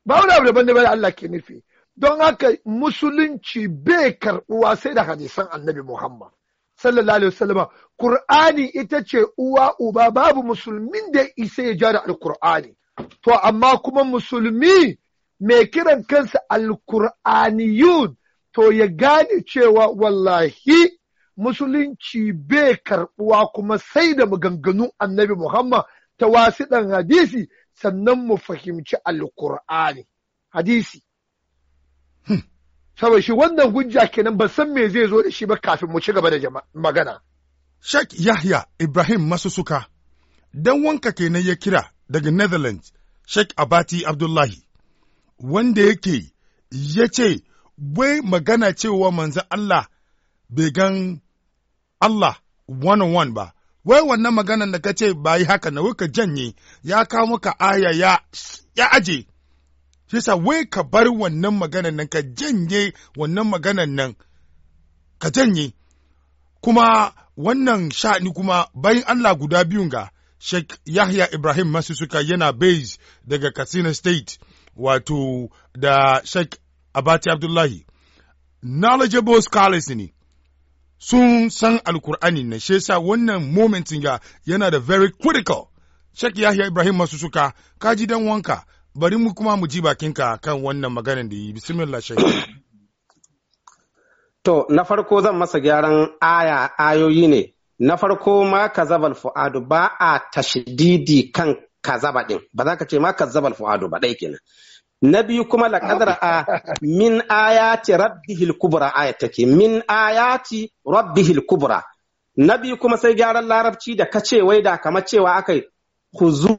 ba wani abu daban daban Allah ke nufi don haka musulunci bai karɓuwa sai da hadisan annabi Muhammad sallallahu alaihi wasallam Kur'ani ita ce uwa uba babu musulmin da isa ya ja da alkur'ani to amma kuma musulmi mai kiran kansa alkur'aniyun to ya gane cewa wallahi musulunci bai karɓuwa kuma sai da maganganun annabi Muhammad ta wasiɗan hadisi sannan mu fahimci alkur'ani hadisi. Hmm. Saboda shi wannan hujja kenan ba san me zai zo da shi ba kafin mu ci gaba da magana. Sheikh Yahya Ibrahim masusuka dan wanka kenan ya kira daga Netherlands, Sheikh Abati Abdullahi. wanda yake ya ce, wai magana cewa manzan Allah bai gan Allah one-on-one ba, wai wannan maganan da ka ce ba yi haka na ka janye ya kawo ka aya ya, aje, shi sa wai ka bar wannan maganan nan ka janye wannan maganan nan ka janye, kuma wannan sha'ani kuma bayan Allah guda biyun ga Sheikh Yahya Ibrahim Masu suka yana base daga Katsina State. wato da Sheikh Abati Abdullahi knowledgeable scholars ne sun san alkur'ani na shi yasa wannan momentin ya yana da very critical Sheikh Yahya Ibrahim masu suka kaji dan wanka bari mu kuma mu ji bakinka kan wannan maganar da yi bismillah Sheikh To na farko zan masa gyaran aya ayoyi ne na farko ma ka zabal fu'adu ba a tashdidi kan kazaba din ba za ka ce ma kazzabal fuadu ba dai kenan na biyu kuma laqad a min ayati rabbihil kubra ayat take min ayati rabbihil kubra na biyu kuma sai gyaran larabci da ka ce wai da kamar cewa akai khuzu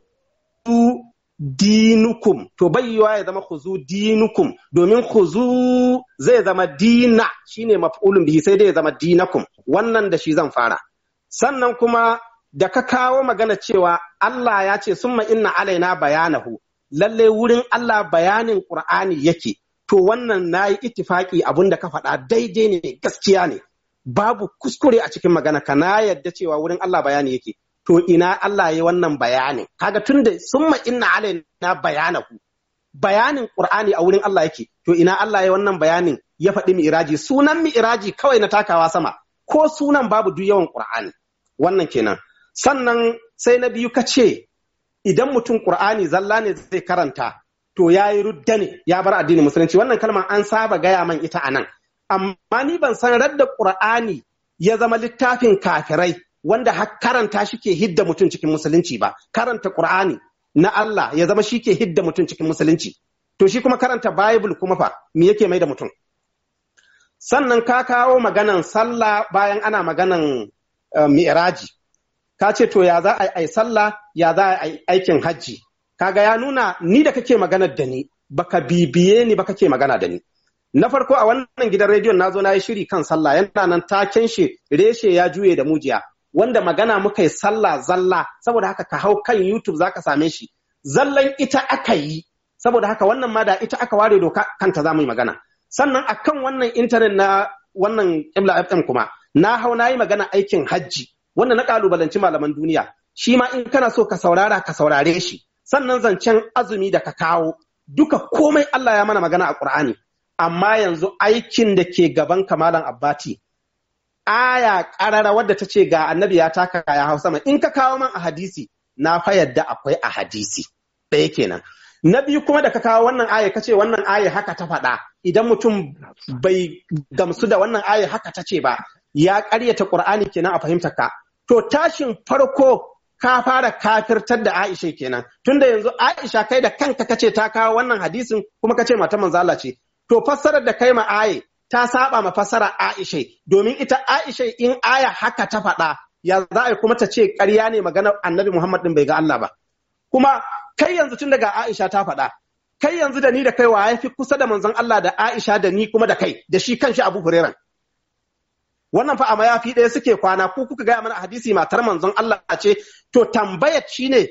dinukum to bayyuwa ya zama khuzu dinukum domin khuzu zai zama dina shine maf'ulun bihi sai dai ya zama dinakum wannan da shi zan fara sannan kuma da ka kawo magana cewa Allah ya ce summa inna alaina bayanahu lalle wurin Allah bayanin Qur'ani yake to wannan nayi ittifaki abin da ka faɗa daidai ne gaskiya ne babu kuskure a cikin magana ka na yadda cewa wurin Allah bayani yake to ina Allah ya wannan bayanin kaga tunda summa inna alaina bayanahu bayanin Qur'ani a wurin Allah yake to ina Allah ya wannan bayanin ya faɗi mi'iraji sunan mi'iraji kawai na takawa sama ko sunan babu duk yawan Qur'ani wannan kenan sannan sai na biyu ka ce idan mutum ƙur'ani zalla ne zai karanta to ya yi rudda ne ya bar addinin musulunci wannan kalmar an saba gaya man ita a nan amma ni ban san radda ƙur'ani ya zama littafin kafirai wanda har karanta shi ke hidda mutum cikin musulunci ba karanta ƙur'ani na Allah ya zama shi ke hidda mutum cikin musulunci to shi kuma karanta bible kuma fa me yake mai da mutum sannan ka kawo maganan sallah bayan ana maganan eh, mi'raji ka ce to ya za a yi sallah ya za a yi aikin hajji kaga ya nuna ni da kake magana da ni baka bibiye ni ba ke magana da ni na farko a wannan gidan rediyon na zo na yi shiri kan sallah yana nan taken shi reshe ya juye da mujiya wanda magana muka yi sallah zalla saboda haka ka hau kan youtube zaka same shi zallan ita aka yi saboda haka wannan ma da ita aka ware doka kanta za mu yi magana sannan akan wannan intanet na wannan kibla fm kuma na hau na yi magana aikin hajji wannan na kalubalanci malaman duniya shi ma in kana so ka saurara ka saurare shi sannan zancen azumi da ka kawo duka komai Allah ya mana magana a Qur'ani amma yanzu aikin da ke gaban kamalan abbati aya karara wadda ta ce ga annabi ya taka ya hausa in ka kawo man a hadisi na fa yadda akwai a hadisi ɗaya kenan na biyu kuma da ka kawo wannan aya kace wannan aya haka ta faɗa idan mutum bai gamsu da wannan aya haka ta ce ba ya ƙaryata ƙur'ani kenan a fahimtar ka to tashin farko ka fara kafirtar da Aisha kenan tunda yanzu Aisha kai da kanka kace ta kawo wannan hadisin kuma kace mata manzala ce to fassarar da kai ma aye ta saba ma fassara Aisha domin ita Aisha in aya haka ta faɗa ya za a kuma ta ce ƙarya ne maganar Annabi Muhammad din bai ga Allah ba kuma kai yanzu tun daga Aisha ta faɗa kai yanzu da ni da kai wa ya fi kusa da manzon Allah da Aisha da ni kuma da kai da shi kanshi Abu Hurairah wannan fa a mayafi ɗaya suke kwana ku kuka gaya mana hadisi matar manzon Allah a ce to tambayar ne,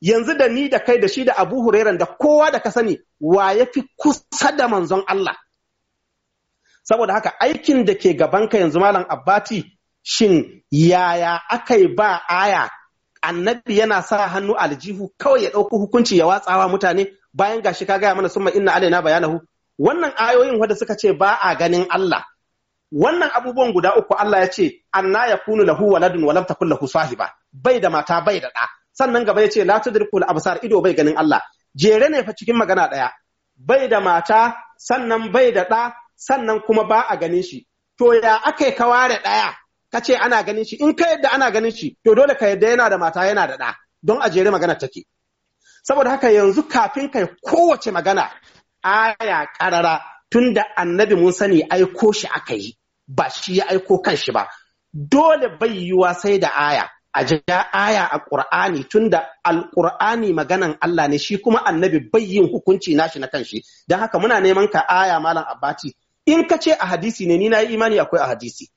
yanzu da ni da kai da shi da Abu Hurairan da kowa da ka sani wa ya fi kusa da manzon Allah saboda haka aikin da ke gabanka yanzu malam Abbati shin yaya aka yi ba aya annabi yana sa hannu aljihu kawai ya ɗauko hukunci ya watsawa mutane bayan gashi ka gaya mana summa inna alaina bayanahu wannan ayoyin wanda suka ce ba a ganin Allah wannan abubuwan guda uku Allah ya ce anna ya kunu lahu waladun wa lam takul lahu sahiba bai da mata bai da ɗa sannan gaba ya ce la tudrikul absar ido bai ganin Allah jere ne fa cikin magana ɗaya bai da mata sannan bai da ɗa sannan kuma ba a ganin shi to ya aka ka ware ɗaya ka ce ana ganin shi in ka yadda ana ganin shi to dole ka yadda yana da mata yana da ɗa don a jere magana take saboda haka yanzu kafin kai kowace magana aya ƙarara Tun da annabi mun sani aiko shi aka yi ba shi ya aiko kanshi ba dole bai yiwuwa sai da aya a ja aya a ƙur'ani tun da alƙur'ani maganan Allah ne shi kuma annabi bai yin hukunci nashi na kanshi don haka muna neman ka aya malam abbati in ka ce a hadisi ne ni na yi imani akwai a hadisi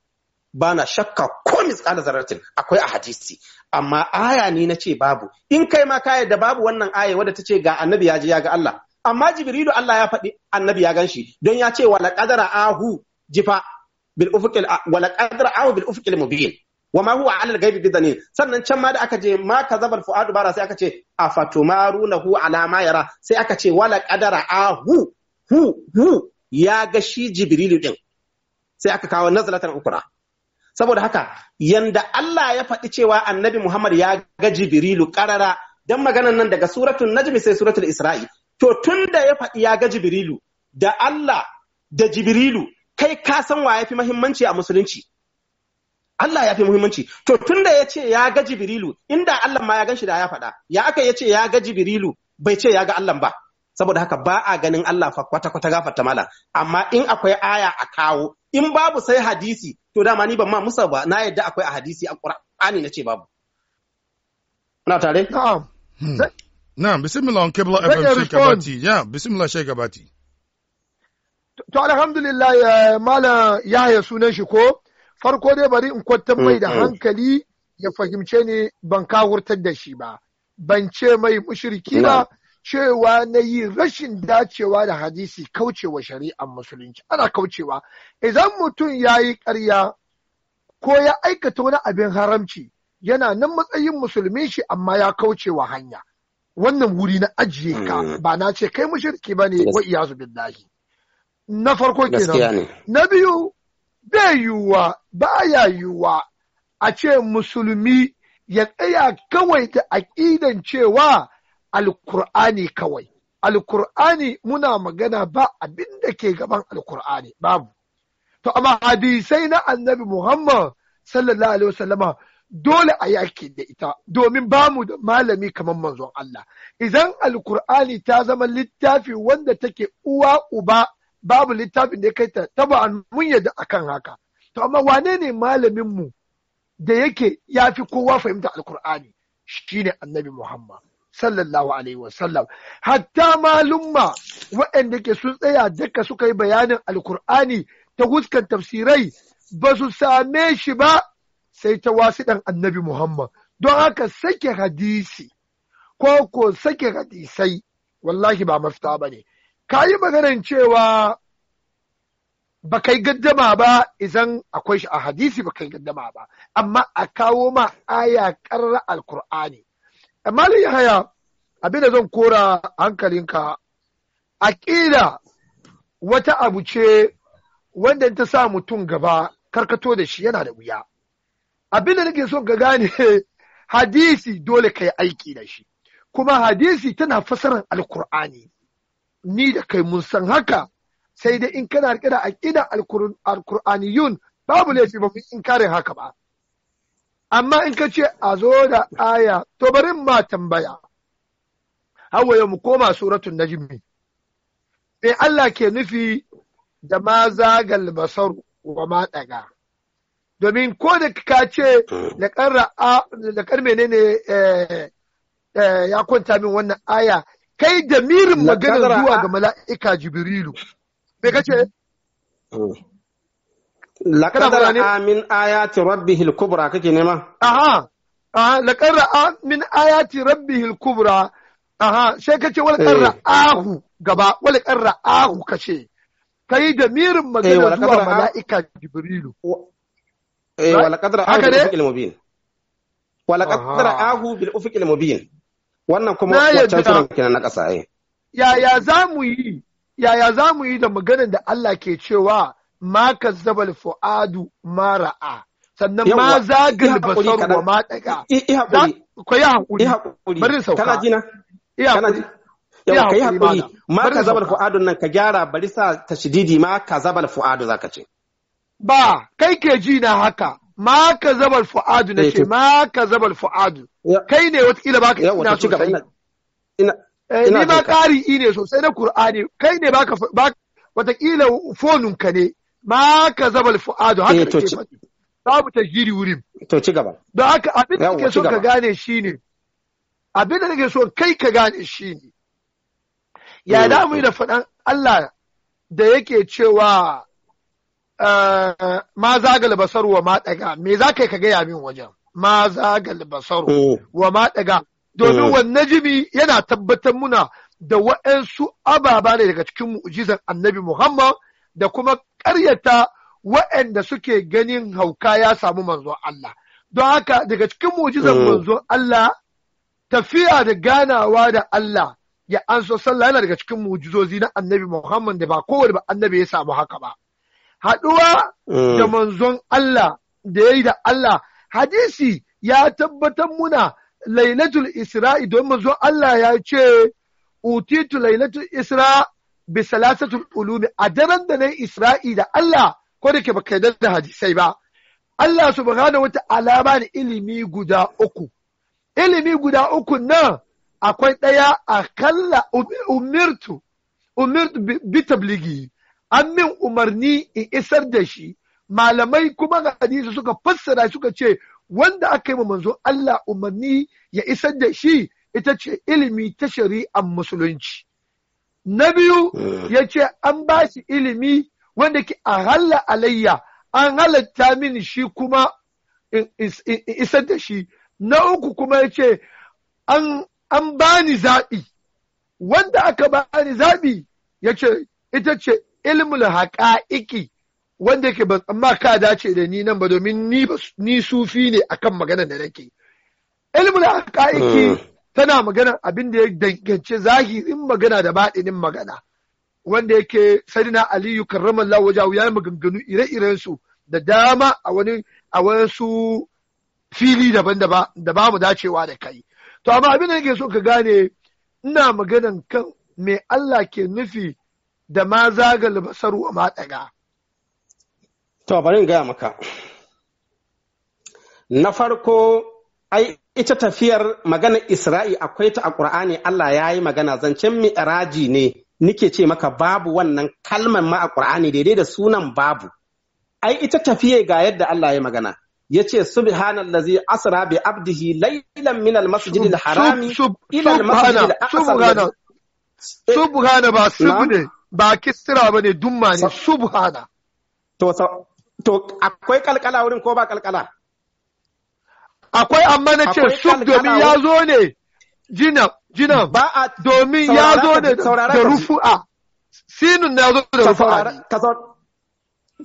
ba na shakka ko misƙala zarartin akwai a hadisi amma aya ne na ce babu in kai ma ka da babu wannan aya wadda ta ce ga annabi ya ji ya ga Allah amma jibrilu Allah ya faɗi annabi ya ganshi don ya ce wala qadara ahu jifa bil ufuqil wala qadara ahu bil ufuqil mubin wa ma huwa ala al-ghaibi bidanin sannan can ma da aka je ma zabar fuadu bara sai aka ce afatumarunahu ala ma yara sai aka ce wala qadara ahu hu hu ya ga shi jibrilu din sai aka kawo nazlatan ukura saboda haka yanda Allah ya faɗi cewa annabi Muhammad ya ga jibrilu ƙarara dan maganan nan daga suratul najmi sai suratul isra'i to tun da ya faɗi ya ga jibrilu da Allah da jibrilu kai ka san wa ya fi muhimmanci a musulunci Allah ya fi muhimmanci to tun da ya ce ya ga jibrilu inda Allah ma ya gan shi da ya faɗa ya aka ya ce ya ga jibrilu bai ce ya ga Allah ba saboda haka ba a ganin Allah fa kwata kwata gafarta mala amma in akwai aya a kawo in babu sai hadisi to dama ni ban ma musa ba na yadda akwai a hadisi a Qur'ani ce babu na tare na'am hmm. Na'am, bismillah on Kibla FM Sheikh Abati. Ya, bismillah Sheikh Abati. To alhamdulillah eh, malam yaya sunan shi ko farko dai bari in kwantar mai da mm, mm. hankali ya fahimce ni ban kawurtar da shi ba. Ban ce mai mushriki ba cewa na yi rashin dacewa da hadisi kaucewa shari'ar musulunci. Ana kaucewa. Idan mutum ya yi ƙarya ko ya aikata wani abin haramci yana nan matsayin musulmi shi amma ya kaucewa hanya. wannan wuri na ajiye ka hmm. ba na ce kai mushriki ba ne wa iyazu billahi na farko kenan na biyu bai yiwuwa ba ya yiwuwa a ce musulmi ya tsaya kawai da aƙidan cewa alkur'ani kawai alkur'ani muna magana ba abin da ke gaban alkur'ani babu to amma hadisai na annabi muhammad sallallahu alaihi wasallama dole a yaki da ita domin ba mu da malami kamar manzon Allah idan alkur'ani ta zama littafi wanda take uwa uba babu littafin da ya kai ta taba mun yadda akan haka to amma wane ne malamin mu da yake ya fi kowa fahimta alkur'ani shine annabi Muhammad sallallahu alaihi wasallam hatta malumma waɗanda ke sun tsaya daka suka yi bayanin alkur'ani ta huskan tafsirai ba su same shi ba sai ta wasiɗan annabi Muhammad. Don haka sake hadisi ko ko sake hadisai wallahi ba mafita ba ne. Ka yi maganan cewa ba kai gaddama ba idan akwai shi a hadisi ba kai gaddama ba, amma a kawo ma aya ƙarar alkur'ani. Malin Yahaya abin da zan kora hankalinka ƙida wata abu ce wanda ta sa mutum gaba karkato da shi yana da wuya. abin da nake son ka gane [LAUGHS] hadisi dole ka yi aiki da shi kuma hadisi tana fasarar alkur'ani ni da kai mun san haka sai dai in kana rike da aqida alkur'aniyun babu laifi ba in karin haka ba amma in ka ce a zo da aya to bari ma tambaya hawa ya mu koma suratul najmi me Allah ke nufi da ma zagal basaru wa ma daga domin ko da ka ce hmm. da kar ne eh, eh, ya kwanta min wannan aya kai da mirin magana zuwa ga mala'ika jibrilu bai kace hmm. laƙarar amin ayati rabbi hilkubra kake nema aha aha laƙarar amin ayati rabbi hilkubra aha sai kace walƙar eh. ahu gaba walƙar ahu kace kai da mirin magana zuwa mala'ika jibrilu eh bil ufuqil mubin wannan kuma wancan suran kenan na ƙasa yaya za mu yi yaya za mu yi da maganar da Allah ke cewa ma kazzabal fu'adu ma ra'a sannan ma zagal basar wa ma daga ko yi hakuri bari sauka kana jina kana ji yawa hakuri ma kazzabal fu'adun nan ka gyara bari sa tashdidi ma kazzabal fu'adu zaka ce ba kai ke ji na haka ma ka zabal fu'adu na eh, ce ma ka zabal fu'adu kai ne watakila ba ka ina sosai eh, ni ma ƙari ne sosai na Kur'ani kai ne baka watakila fonun ka ne ma ka zabal fu'adu haka da eh, ce. faɗi babu ta jiri wurin to ci gaba da haka abin da kake so ka gane shine. abin da kake so kai ka gane shine. Ya da mu da faɗan Allah da yake cewa Eh, ma zagal basaru wa ma daga me za ka yi ka gaya min wajen ma zagal basaru oh. wa ma daga domin oh. wannan jimi yana tabbatar muna da wayansu ababa ne daga cikin mu'jizan annabi Muhammad da kuma ƙaryata wayanda suke ganin hauka ya samu manzon Allah. Don haka daga cikin mu'jizan oh. manzon Allah tafiya da ganawa da Allah ya anso sallah yana daga cikin mu'jizozi na annabi Muhammad da ba kowane ba annabi ya samu haka ba. haɗuwa da eh. manzon Allah da ya yi da Allah hadisi ya tabbatar muna lailatul isra'i don manzon Allah ya ce utitu lailatul isra bi salasatul ulumi a daren da na isra'i da Allah ko da ke baka yarda da hadisai ba Allah subhanahu wata alama da ilimi guda uku ilimi guda uku nan akwai ɗaya a umirtu umirtu bi tabligi an min umarni in isar da shi malamai kuma ga hadisi suka fassara suka ce wanda aka yi wa manzo Allah umarni ya isar da shi ita ce ilimi ta shari'ar musulunci na biyu eh. ya ce an ba shi ilimi wanda ke a halla alayya an halatta mini shi kuma in isar da shi na uku kuma ya ce an ba ni zaɓi wanda aka ba ni zaɓi ya ce ita ce ilmul haƙa'iki wanda yake ban amma ka dace da ni nan ba domin ni sufi ne akan maganar da nake ilmul haƙa'iki hmm. tana magana abin da ya dangance zahirin magana da baɗinin magana wanda yake sadina aliyu karramallahu wajahu ya yi maganganu ire-iren su da dama a wani a wasu fili daban-daban da ba mu dacewa da kai to amma abin da nake so ka gane ina maganan kan me Allah ke nufi da ma zagal basar a matsaga. To bari gaya maka. Na farko ai ita tafiyar magana Isra'i akwai ta a Ƙur'ani Allah ya yi magana zancen mi'raji ne nike ce maka babu wannan kalmar ma a Ƙur'ani daidai da sunan babu. Ai ita tafiye ga yadda Allah ya magana. ya ce lazi, asra bi abdihi laylan min almasjid alharami ila almasjid alaqsa subhana ba subu ba kisra ba ne dumma ne subhana to to akwai kalkala wurin ko ba kalkala akwai amma na ce sub domin ya zo ne jina jina ba a domin ya zo ne da rufu'a sinun na zo da rufu'a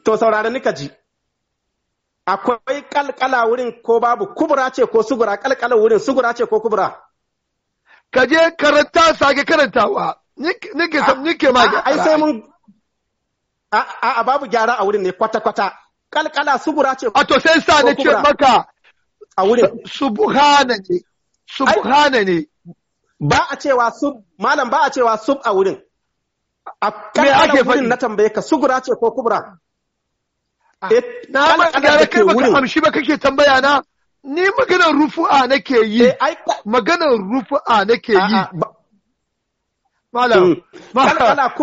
to saurara nika ji akwai kalkala wurin ko babu kubura ce ko sugura kalkala wurin sugura ce ko kubura ka je karanta sake karantawa nike sam ah, nike ma ai ah, sai mun a a ah, babu gyara a wurin ne kwata kwata kalkala subura ce a to sai sa ne ce maka a wurin subhana ne subhana ne ba a cewa sub malam ba a cewa sub a wurin a kalkala wurin na tambaye ka sugura ce ko kubra eh, na ma gyara kai baka amshi ba kake tambaya na ni maganar rufu'a nake yi eh, maganar rufu'a nake yi Malam, mm.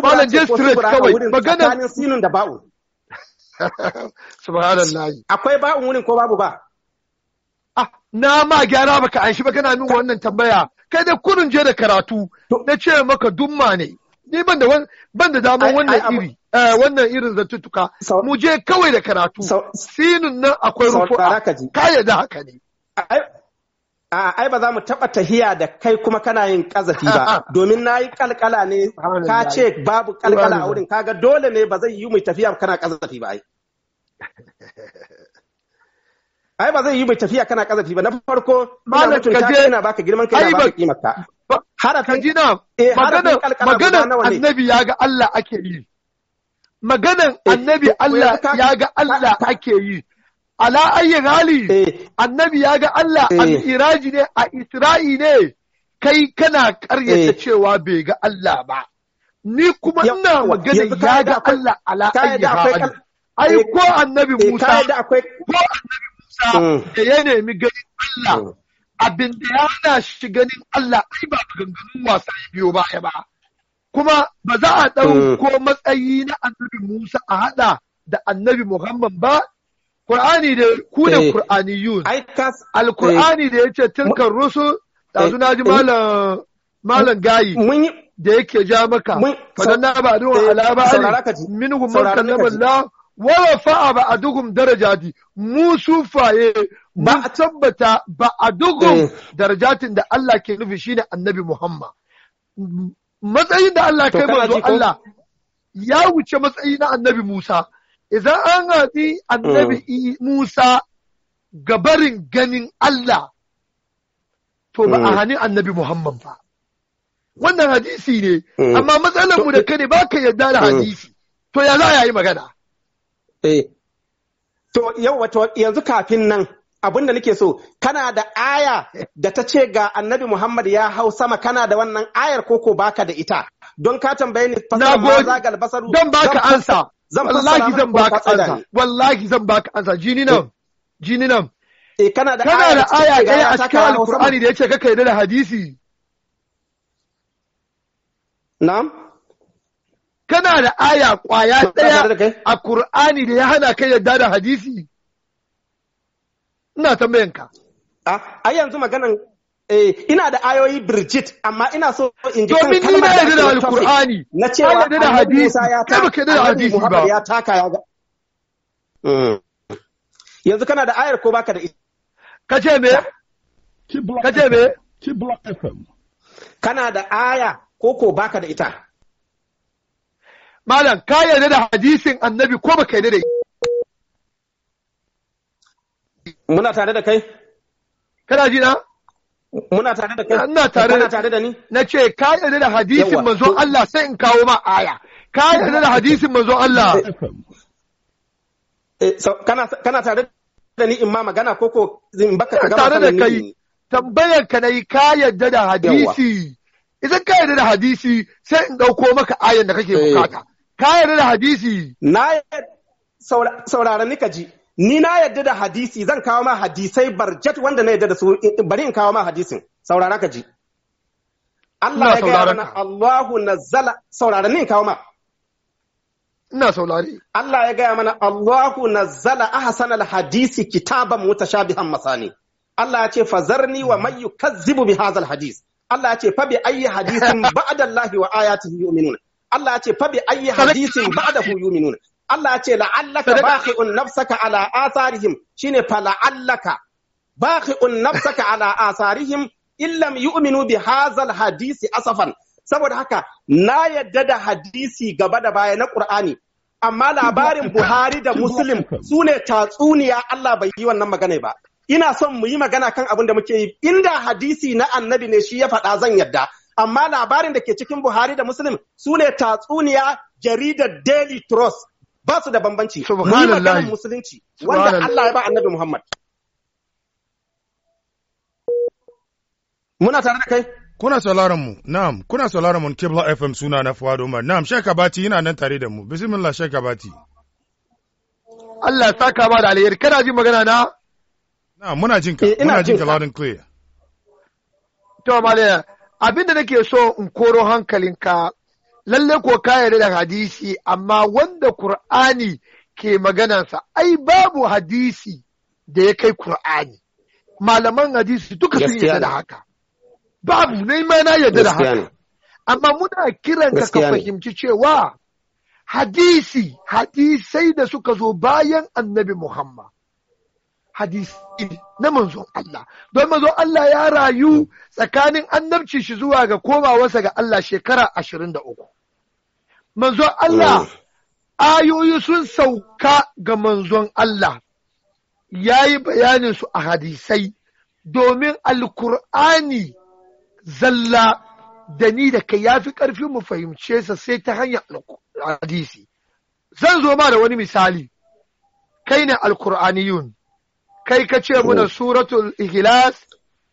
malam je straight kawai. Magana tsakanin sinun da ba'u. [LAUGHS] Subhanallah. Akwai ba'un wurin ko babu ba? Ah, na ma gyara baka an shi ba kana min wannan tambaya. Kai da kurin je da karatu. Na ce maka dumma ne. Ni ban da ban da wannan iri. Eh, wannan irin zantuttuka. Mu je kawai da karatu. Sinun nan akwai rufu Ka da haka ne. a ai ba za mu taɓa tahiya da kai kuma kana yin ƙazafi ba domin na yi kalkala ne ka ce babu kalkala a wurin kaga dole ne ba zai yi mai tafiya kana ƙazafi ba ai [LAUGHS] ai ba zai yi mai tafiya kana ƙazafi ba na farko malam ka ina baka girman kai ina baka maka harafin ji na eh, magana magana annabi ya ga Allah ake yi maganan eh, annabi Allah ya ga Allah ake yi ala ayi gali eh. annabi ya ga Allah eh. a iraji ne a isra'i ne kai kana karyata eh. cewa bai ga Allah ba ni kuma ina magana ya ga Allah ala ayi gali ai ko annabi Musa ko annabi Musa da ya nemi ganin Allah mm. abin da ya na shi ganin Allah ai ba maganganun wasa ya biyo ba kuma ba za a ɗauko mm. matsayi na annabi Musa a haɗa da annabi Muhammad ba Kur'ani da ku ne eh. Qur'aniyun. Al-Qur'ani eh. da yace tilkar rusul dazu eh. naji malam malam gayi. da yake ja maka na fadanna ba'dun ala ba'ali minhum man kallama Allah wa rafa'a ba'duhum darajati mu sufaye mun tabbata ba ba'duhum darajatin da Allah ke nufi shine Annabi Muhammad matsayin da Allah kai manzo Allah ya wuce matsayi na Annabi Musa idan an haɗi annabi mm. Musa ga barin ganin Allah, to ba a mm. hani annabi Muhammad ba. Wannan hadisi ne, mm. amma matsalar mu da kane ba ka yarda da hadisi, to ya za a yi magana. Eh, to yau yanzu kafin nan abin da nake so, kana da aya da ta ce ga annabi Muhammad ya hau sama kana da wannan ayar koko baka da ita. Don ka tambaye ni fasar ma zagal basaru. Don baka ansa. zan wallahi zan baka ansa wallahi zan baka ansa jini nan eh. jini nan eh kana da kana da aya ɗaya a cikin alqur'ani da yace kaka yarda da hadisi na'am kana da aya kwaya ɗaya a qur'ani da ya hana kai yadda da hadisi ina tambayanka a ah, yanzu maganan Eh, ina da ayoyi Bridget, amma ina so in ji kan kalmar da da Alkur'ani. Na cewa Annabi Musa ya taka, Annabi Muhammad ya taka ya ga. Eh. Yanzu kana da ayar ko baka da ita? Kace me? Kace me? FM. Kana da aya ko ko baka da ita? Malam, ka yarda da hadisin Annabi ko baka yarda da ita? Muna tare da kai? Kana ji na? Muna tare da kai? Ina tare da ni? Na ce ka yarda da hadisin manzon Allah sai in kawo ma aya. Ka yarda da hadisin manzon Allah. Eh, eh, eh, kana tare da ni in ma magana ko ko in baka ka gama tare da kai. Tambayar ka nayi ka yarda da hadisi. Idan ka yarda da hadisi sai in dauko maka ayan da kake bukata. Ka yarda da hadisi. Na sauraron ni ka ji. ni na yadda da hadisi zan kawo ma hadisai barjat wanda na yadda da su bari in kawo ma hadisin saurara ka ji Allah ya gaya mana Allahu nazzala saurara ni kawo ma ina saurari Allah ya gaya mana Allahu nazzala ahsana al-hadisi kitaban mutashabihan masani Allah ya ce fazarni wa man yukazzibu bi hadha al-hadis Allah ya ce fa bi ayyi hadisin [LAUGHS] ba'da Allah wa ayatihi yu'minun Allah ya ce fa bi ayyi hadisin ba'dahu yu'minun Allah ya ce la'allaka baqi'un nafsaka ala atharihim shine fa la'allaka baqi'un nafsaka ala atharihim illam yu'minu bi hazal hadisi asafan saboda haka na yadda da hadisi gaba da baya na Qur'ani amma labarin [LAUGHS] Buhari da Muslim sune ne tatsuniya Allah bai yi wannan magana ba ina son mu yi magana kan abin da muke yi inda hadisi na annabi ne shi ya faɗa zan yadda amma labarin da ke cikin Buhari da Muslim sune ne tatsuniya jaridar Daily Trust ba su da bambanci mu maganar musulunci wanda Allah ya ba annabi Muhammad muna tare da kai kuna sauraron mu na'am kuna sauraron mu Kibla FM suna na Fuad Umar na'am Sheikh Abati yana nan tare da mu bismillah Sheikh Abati Allah saka ba da alheri kana ji magana na na'am muna jin ka eh, muna jin ka loud and clear to malaya abinda nake so in koro hankalinka lalle ko ka da hadisi amma wanda Kur'ani ke maganansa ai babu hadisi da ya kai Kur'ani malaman hadisi duka sun yarda da haka babu ne ma na yarda da haka amma muna kiran ka ka fahimci cewa hadisi hadisai da suka zo bayan annabi Muhammad hadisi na manzon Allah don manzon Allah ya rayu tsakanin annabci shi zuwa ga komawarsa ga Allah shekara ashirin da manzon Allah eh. ayoyi sun sauka ga manzon Allah ya yi bayanin su a hadisai domin alkur'ani zalla da ni da kai ya fi ƙarfin mu fahimce sa sai ta hanyar hadisi zan zo ma da wani misali kai ne alkur'aniyun kai ka ce muna oh. suratul ikhlas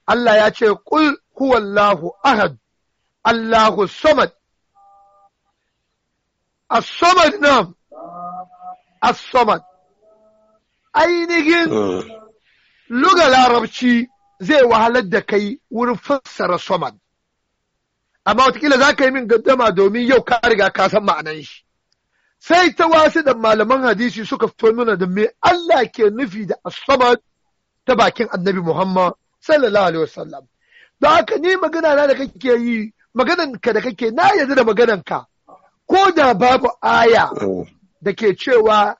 Allah ya ce kul huwallahu ahad Allahu samad As-Samad nan As-Samad ainihin hmm. luga larabci zai wahalar da kai wurin fassara Samad amma watakila za ka yi min gaddama domin yau ka riga ka san ma'anan shi sai ta wasu da malaman hadisi suka fito nuna da me Allah ke nufi da asabar ta bakin annabi Muhammad sallallahu alaihi wasallam da haka ni magana na da kake yi maganan ka da kake na yarda da maganan ka ko da babu aya oh. da ke cewa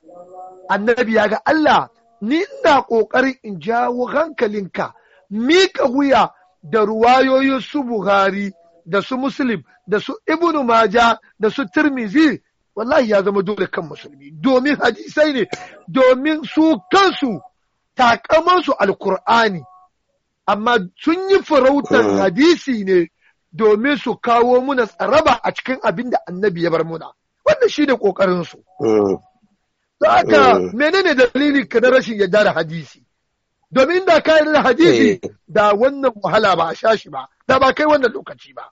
annabi ya ga Allah ni ina ƙoƙarin in jawo hankalinka mika wuya da ruwayoyin su Buhari da su Muslim da su Ibn Maja da su Tirmizi wallahi ya zama dole kan musulmi domin hadisai ne domin su kansu takamansu alkur'ani amma sun yi farautar hmm. hadisi ne domin su kawo muna tsaraba a cikin abin da annabi ya bar muna wannan shi ne ƙoƙarinsu. Ta eh. haka eh. menene dalili ka na rashin yadda da hadisi? Domin da ka da hadisi eh. da wannan wahala ba a sha shi ba, da ba kai wannan lokaci ba.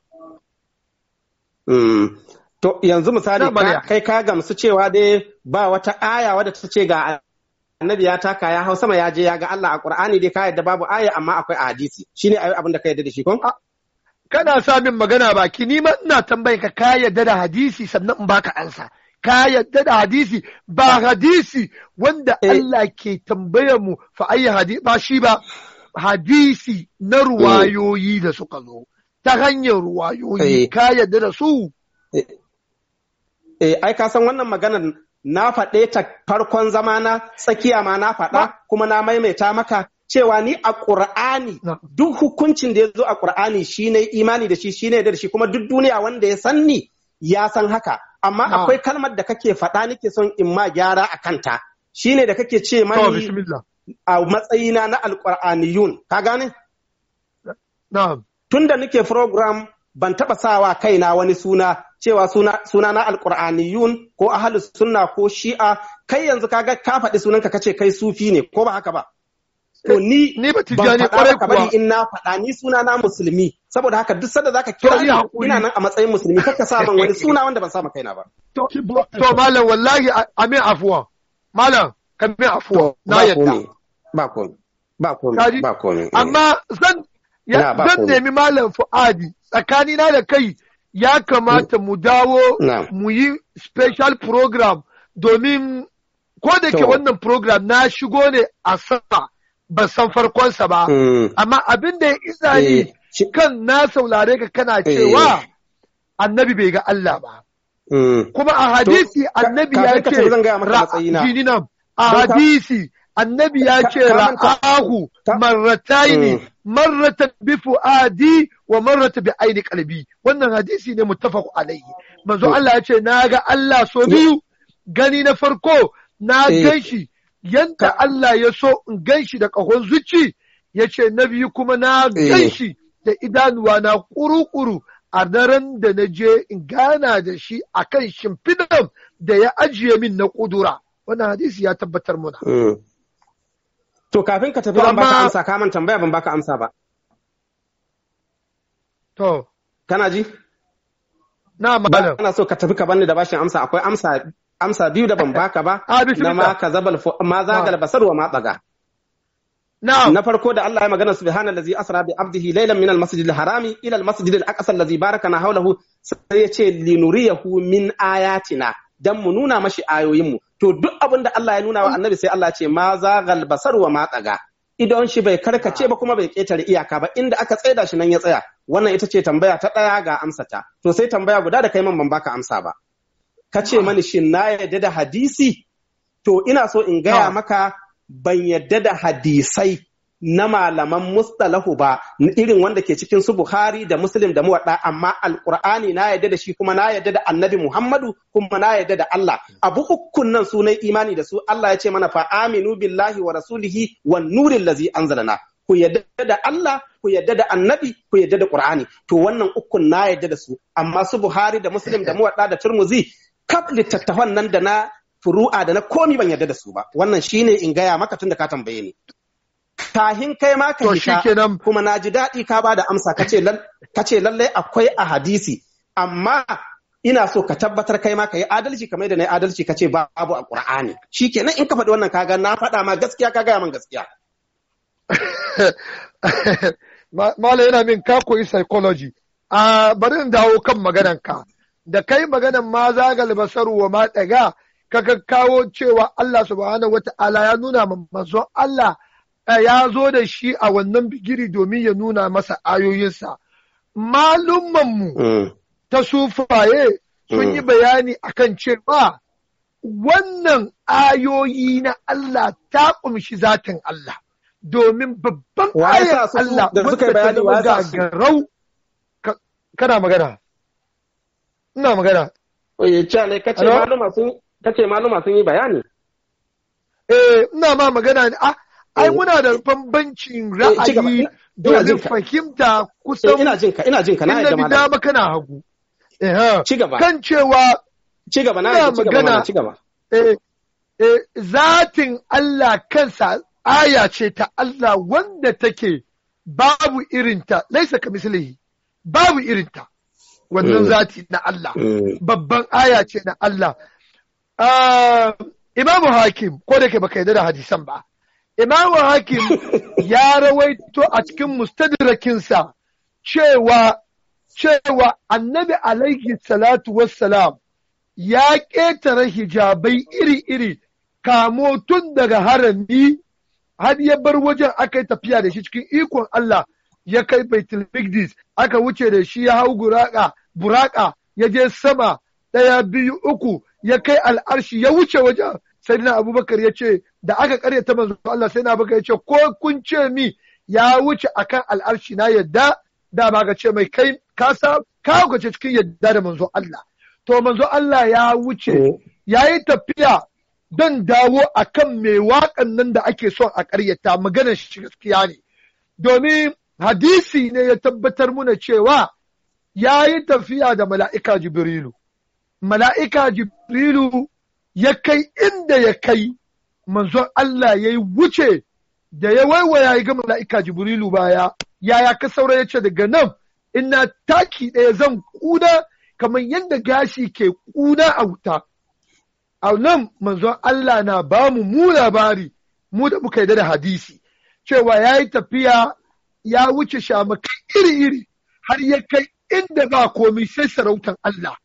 Hmm. To yanzu misali kai ka gamsu cewa dai ba wata aya wadda ta ce ga annabi ya taka ya hau sama ya je ya ga Allah a Qur'ani dai ka yadda babu aya amma akwai a hadisi shine abin da ka yadda da shi kun? kana sa min magana baki ni ma ina tambayar ka ka yadda da hadisi sannan in baka ansa ka yadda da hadisi ba hadisi wanda eh. Allah ke tambayar mu fa ayi hadisi ba shi ba hadisi na ruwayoyi da suka zo ta hanyar ruwayoyi eh. ka yadda da su eh. eh ai ka san wannan maganar na faɗe ta farkon zamana tsakiya ma na faɗa kuma na maimaita maka cewa ni a ƙur'ani duk hukuncin da ya zo a ƙur'ani shi ne imani da shi shi ne da shi kuma duk duniya wanda ya san ni ya san haka amma akwai kalmar da kake faɗa nake son in ma gyara a kanta shi ne da kake ce mani a matsayina na alƙur'aniyun ka gane? tun da nake program ban taɓa sawa kaina wani suna cewa suna na alƙur'aniyun ko ahalus sunna ko shi'a kai yanzu kaga ka faɗi sunanka kace kai sufi ne ko ba haka ba to eh, ni ni ba tijani kwarai kuwa in na faɗa ni suna na musulmi saboda haka duk sanda zaka kira ni ina nan a matsayin musulmi kaka sa ban wani suna wanda ban sa kaina ba to malam wallahi amin afuwa malam min afuwa na yadda ba ko ba ko ba ko eh. amma zan zan nemi malam fuadi tsakanina da kai ya kamata mu dawo mu yi special program domin ko da ke wannan program na shigo ne a sama ban san farkonsa ba hmm. amma abin da ya isa ni eh, kan na saulare ka kana eh. cewa annabi bai ga Allah ba hmm. kuma a hadisi annabi ya ce jini a hadisi annabi ya ce ra'ahu marrataini hmm. marratan bi fuadi wa marrata bi aini qalbi wannan hadisi ne muttafaq alaihi manzo Allah ya ce na ga Allah so biyu gani na farko na eh. gan shi yadda Allah ya so in gan shi da ƙahon zuci ya ce na biyu kuma na eh. gan shi da idanuwa na ƙuru-ƙuru a daren da na je in gana da shi a kan shimfidan da ya ajiye min na ƙudura wannan hadisi ya tabbatar muna. Eh. To kafin ka tafi ban baka amsa kaman tambaya ban baka amsa ba. To. Kana ji? Na magana. Kana so ka tafi ka bani da bashin amsa akwai amsa amsa biyu da ban baka ba [LAUGHS] na ma ka zabal ma zagal basar wa ma tsaga na farko da Allah ya magana subhanallazi asra bi abdihi laylan min almasjidil harami ila almasjidil aqsa allazi barakana hawlahu sai ya ce linuriyahu min ayatina dan mu nuna mashi mu to duk abin da Allah ya nuna wa annabi sai Allah ce ma zagal basar wa ma tsaga Idan shi bai karkace ba kuma bai ketare iyaka ba inda aka tsaida shi nan ya tsaya wannan ita ce tambaya ta ɗaya ga amsata to sai tambaya guda da kai man ban baka amsa ba ka ce mani shin na yadda da hadisi to ina so in gaya maka ban yadda da hadisai na malaman mustalahu ba irin wanda ke cikin su Buhari da Muslim da muwaɗa amma alkur'ani na yadda da shi kuma na yadda da Annabi Muhammadu kuma na yadda da Allah abu ukkun nan sunan imani da su Allah ya ce mana fa aminu billahi wa rasulihi wa nurin ladzi anzalana ku yadda da Allah ku yadda da annabi ku yadda da Qur'ani to wannan ukun na yadda da su amma su Buhari da Muslim da Muwadda da Turmuzi kaf littattafan nan da na furu'a da na komi ban yarda da su ba wannan shine in gaya maka tun da ka tambaye ni kahin kai ma ka hita kuma na ji daɗi ka ba da amsa ka ce lallai akwai a hadisi amma ina so ka tabbatar kai ma ka yi adalci kamar da na yi adalci ka ce babu a ƙur'ani shi kenan in ka faɗi wannan kaga na faɗa ma gaskiya ka gaya man gaskiya [LAUGHS] Malam yana min ka koyi psychology. Ah, bari in dawo kan maganan ka. da kai maganan ma zagal basaru wa ma daga ka kawo cewa Allah subhanahu wata'ala ya nuna manzon Allah eh, ya zo da shi a wannan bigiri domin ya nuna masa ayoyinsa malummanmu mm. ta sufaye sun yi mm. bayani akan cewa wannan ayoyi na Allah ta ƙumshi zatin Allah domin babban ayar Allah wanda ta zama garau. kana magana ina magana oye chale kace maluma sun kace maluma sun yi bayani eh ina ma magana ne ah ai eh, muna da eh, bambancin eh, ra'ayi domin fahimta kusan ina jinka ina jinka na yi jama'a dama kana hagu eh ha, kan cewa ina magana. na eh eh zatin Allah kansa aya ce ta Allah wanda take babu irinta laisa ka babu irinta wannan eh. zati na Allah eh. babban aya ce na Allah ah, imamu hakim ko da ke baka yarda da hadisan ba imamu hakim [LAUGHS] ya rawaito a cikin mustadrakinsa cewa cewa annabi alaihi salatu wassalam ya ƙetare hijabai iri-iri kamo tun daga harami har ya bar wajen aka yi tafiya da shi cikin ikon Allah ya kai Baitul Migdis aka wuce da shi ya hau guraƙa buraka ya je sama ɗaya biyu uku ya kai al'arshi ya wuce wajen sai na abubakar ya ce da aka karyata manzo Allah sai na abubakar ya ce ko kun ce mi ya wuce akan al'arshi na yadda da ba ka ce mai kai ka sa ka ce cikin yadda da manzo Allah to manzo Allah ya wuce eh. ya yi tafiya don dawo akan mai waƙan nan da ake son a karyata maganar shi gaskiya ne domin hadisi ne ya tabbatar muna cewa ya yi tafiya da mala'ika Jibrilu, mala'ika Jibrilu ya kai inda ya kai, manzon Allah ya yi wuce da ya waiwaya ya ga mala'ika Jibrilu baya, yaya ka saura ya ce daga nan, ina taki ɗaya zan kuna kamar yadda gashi ke ƙuna a wuta. A nan manzon Allah na ba mu mu labari, mu da muka yi da hadisi, cewa ya yi tafiya ya wuce shamakai iri-iri har ya kai inda ba komi sai sarautar Allah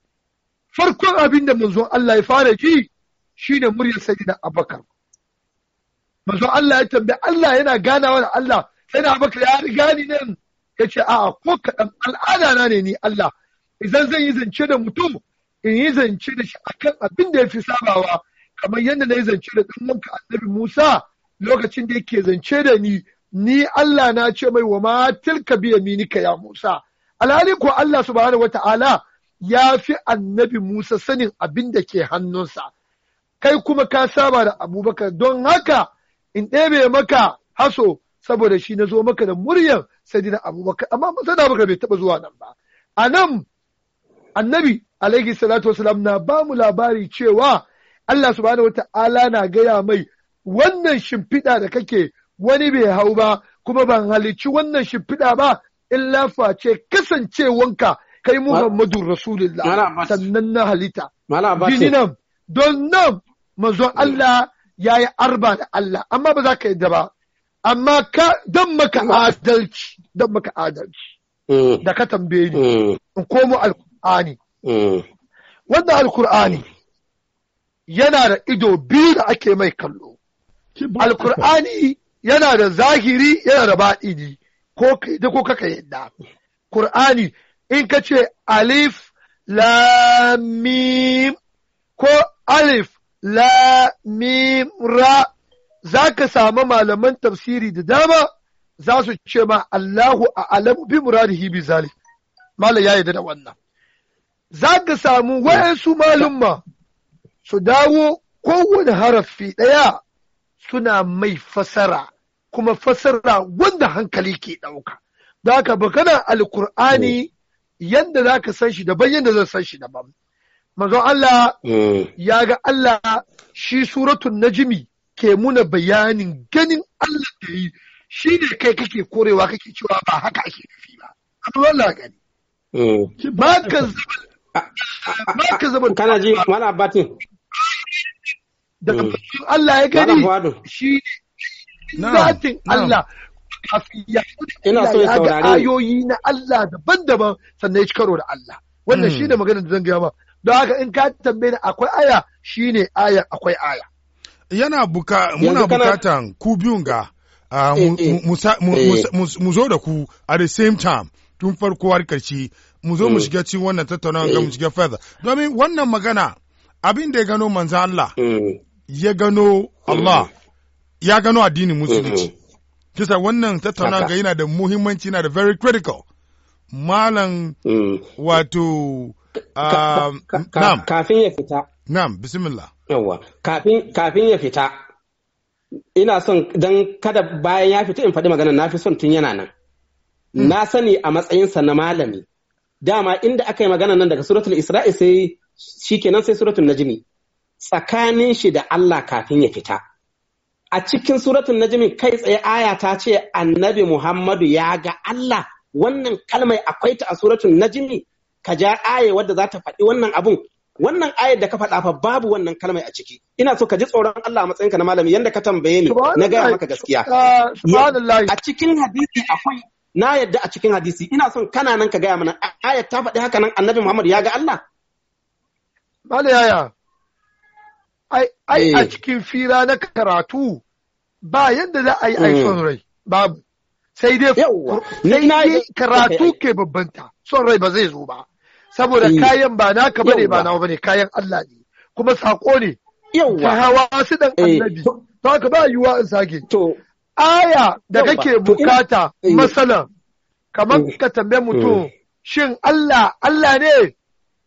farkon abin da manzon Allah ya fara ji shine muryar sayyidina Abubakar manzon Allah ya tambaye Allah yana ganawa da Allah sai na Abubakar ya riga ni nan a'a ko kaɗan al'ada na ne ni Allah idan zan yi zance da mutum in yi zance da shi akan abin da ya fi sabawa kamar yadda na yi zance da ɗan wanka annabi Musa lokacin da yake zance da ni ni Allah na ce mai wa ma tilka biya yaminika ya Musa alhali ko Allah subhanahu wata'ala ya fi annabi Musa sanin abin da ke hannunsa kai kuma ka saba da abubakar don haka in ɗebe maka haso saboda shi na zo maka da sai sadina abubakar amma sadina abubakar bai taɓa zuwa nan ba a nan annabi alaihi salatu wasalam na ba mu labari cewa Allah subhanahu wa ta'ala na gaya mai wannan shimfiɗa da kake wani bai hau ba kuma ban halicci wannan shimfiɗa ba illa face kasancewanka kai Muhammadu Rasulullah sannan na halitta. Jini don nan manzo Allah ya yi arba da Allah, amma ba za ka yadda ba, amma ka don maka adalci, don maka adalci. Mm. Da ka tambaye ni, mm. in komo alkur'ani. Mm. Wannan alkur'ani yana da ido biyu da ake mai kallo. Alkur'ani yana da zahiri yana da baɗini. ko da ko kaka yadda Kur'ani in ka ce alif lamim ko alif lamim ra za ka samu malaman tafsiri da dama za su ce ma Allahu a alamu bi muradihi bi zalik malam ya yarda da wannan za ka samu wayansu malumma su dawo kowane harafi ɗaya suna mai fasara kuma fassara wanda hankali ke ɗauka. Da haka bakana alkur'ani yadda za ka san shi daban yadda zan san shi daban. Manzon Allah hmm. ya ga Allah shi suratun najimi ke muna bayanin ganin Allah da yi shi ne kai kake korewa kake cewa ba haka ake nufi ba. Amma Allah gani. Hmm. Ba ka zama. ka zama. Kana ji mana batin. Da hmm. Allah ya gani shi ne zatin Allah ina so ya ga ayoyi na Allah daban-daban sannan ya ci karo da Allah wannan hmm. shine magana da zan gaya ba don haka in ka tambaye ni akwai aya shine aya akwai aya yana buka muna bukatan ku biyun ga mu zo da ku at the same time tun farko har karshe mu zo mu hmm. shiga cikin wannan tattaunawa ga mu eh. shiga further domin wannan magana abin da ya gano manzo Allah hmm. ya gano Allah ya gano addinin mm-hmm. musulunci kisa wannan tattauna ga yana da muhimmanci na da very critical malam mm. wato um, kafin ya fita nam bismillah yawa kafin ya fita ina son don kada bayan ya fita in faɗi magana na fi son tun yana nan mm. na sani a matsayinsa na malami dama inda aka yi magana nan daga suratul isra'i sai shikenan sai suratul najmi tsakanin shi da Allah kafin ya fita a cikin na najmi kai tsaye aya ta ce annabi muhammadu ya ga allah wannan kalmai akwai ta a na najmi ka ja aya wadda za ta faɗi wannan abun wannan aya da ka faɗa fa babu wannan kalmai a ciki ina so ka ji tsoron Allah a matsayinka na malami yanda ka tambaye ni na gaya maka gaskiya uh, a cikin hadisi akwai na yadda a cikin hadisi ina son kana nan ka gaya mana aya ta faɗi haka nan annabi Muhammadu ya ga Allah Mali yaya ai a eh. cikin fira na karatu ba yadda za a yi aishon mm. rai babu sai dai sai dai karatu ke babbanta son rai ba zai zo ba saboda mm. kayan ba naka bane ba nawa bane kayan Allah ne kuma sako ne ta hawa su dan eh. annabi to ka ba yiwa in sake aya da kake bukata eh. masalan kamar ka tambaye mutum shin Allah Allah ne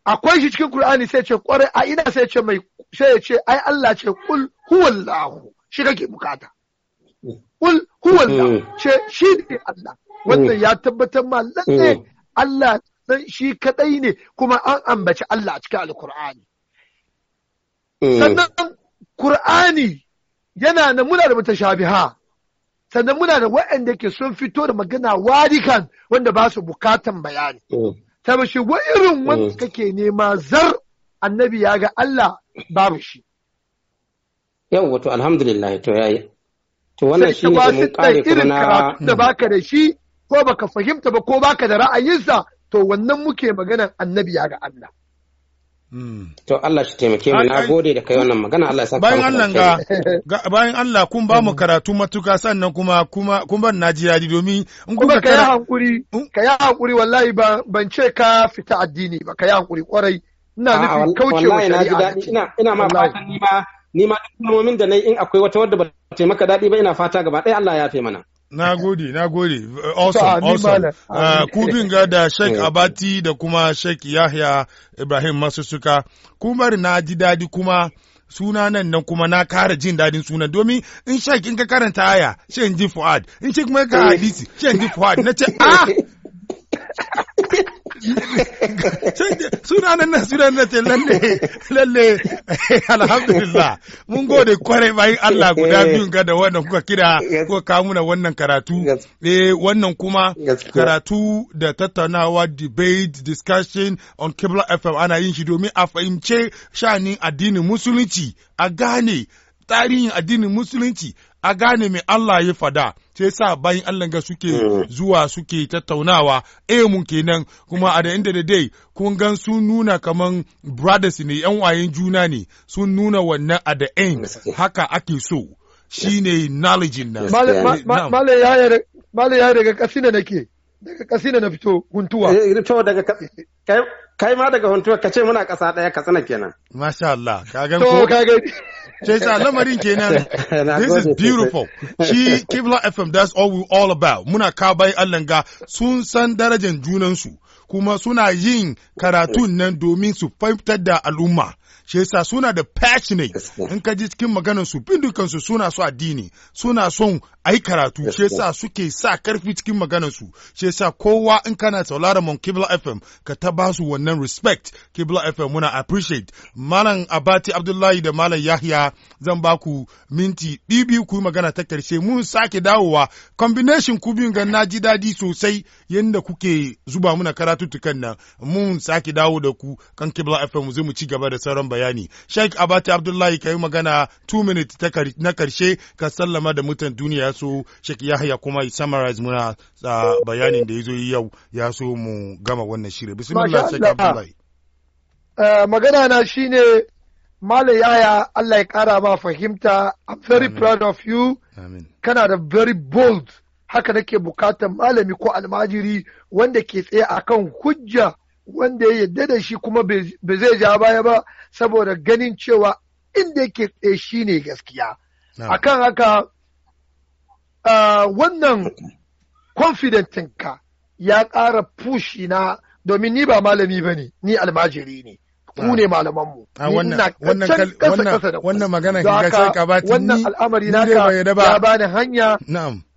akwai shi cikin Kur'ani sai ce kwarai a ina sai ce mai sai ya ce ai Allah ce kul huwallahu shi kake bukata kul huwallahu hmm. ce shi ne Allah wannan ya tabbatar ma lalle hmm. Allah shi kadai ne kuma an ambaci Allah a cikin alkur'ani hmm. sannan Kur'ani yana da muna da mutashabiha sannan muna da waɗanda ke sun fito da magana warikan wanda ba su bukatan bayani. Tabashi wa irin wanda kake nema zar annabi ya ga Allah babu shi yau wato alhamdulillah to yayi to wannan shi ne mun kare kuma na da baka da shi ko baka fahimta ba ko baka da ra'ayinsa to wannan muke maganan annabi ya ga Allah hmm. To Allah shi taimake mu na gode da kai wannan magana Allah ya saka bayan Allah ga bayan Allah kun ba mu karatu matuka sannan kuma kuma kun ban naji yaji domin in kuka kai hankuri kai hankuri wallahi ban ce ka fita addini ba kai hankuri kwarai ina nufin kaucewa shari'a ina ina ma fatan nima. Nima ni ma kalmomin da nayi in akwai wata wadda ba ta maka daɗi ba ina fata gaba ɗaya Allah ya fe mana na gode na gode uh, awesome awesome uh, kubin ga da sheikh eh. abati da kuma sheikh yahya ibrahim masussuka kuma na ji daɗi kuma suna nan kuma na kara jin dadin sunan domin in shek in ka karanta aya shi in ji fuad in ce kuma ka eh. hadisi shi in ji fuad na ce ah [LAUGHS] sunanan nan sunanan nan lalle lalle alhamdulillah mun gode kwarai bayan Allah guda eh. biyun ga da wannan kuka kira ko ka muna wannan karatu eh wannan kuma karatu da tattaunawa debate discussion on Kibla FM ana yin shi domin a fahimce shanin addinin musulunci a gane tarihin addinin musulunci a gane mai Allah ya fada sai sa bayan Allah ga suke eh. zuwa suke tattaunawa eh mun kenan kuma a da inda da dai kun gan sun nuna kaman brothers ne yan wayen juna ne sun nuna wannan a da end haka ake so shine knowledge na male ya daga kasina nake daga kasina na fito guntuwa eh, kai ma daga hontuwa ka ce muna ƙasa ɗaya ka tsana kenan masha Allah ka gan ko ka gan Ce sa lamarin kenan [LAUGHS] this is beautiful shi [LAUGHS] Kibla FM that's all we all about muna ka bai Allah ga sun san darajar junansu kuma suna yin karatun nan domin su fahimtar da al'umma shi yasa suna da passionate in ka ji cikin maganar su bin dukansu suna so addini suna son ai karatu shi yasa suke sa karfi cikin maganar su shi yasa kowa in kana sauraron Kibla FM ka ta ba su wannan respect kibla fm muna appreciate malam abati abdullahi da malam yahya zan ba ku minti bibi ku magana ta karshe mun sake dawowa combination ku biyun gan na ji sosai yadda kuke zuba muna karatuttukan nan mun sake dawo da ku kan kibla fm zai mu ci gaba da sauran bayani sheikh abati abdullahi ka magana 2 minutes na karshe ka sallama da mutan duniya so sheikh yahya kuma ya summarize muna ah, bayanin da yazo yau ya so mu gama wannan shirin bismillah Abdullahi. Ah. Eh, magana na shine Malam Yaya Allah ya ƙara ma fahimta. I'm very Amen. proud of you. Kana da very bold. Haka nake bukatar malami ko almajiri wanda ke tsaye akan hujja wanda ya yadda da shi kuma ba zai ja baya ba saboda ganin cewa inda yake tsaye shi ne gaskiya. Akan haka eh, wannan confident ya ƙara fushi na domin ni ba malami ba ne ni almajiri ne ku ah. ne malamanmu wannan magana ka sai ka wannan al'amari na ka ya bani hanya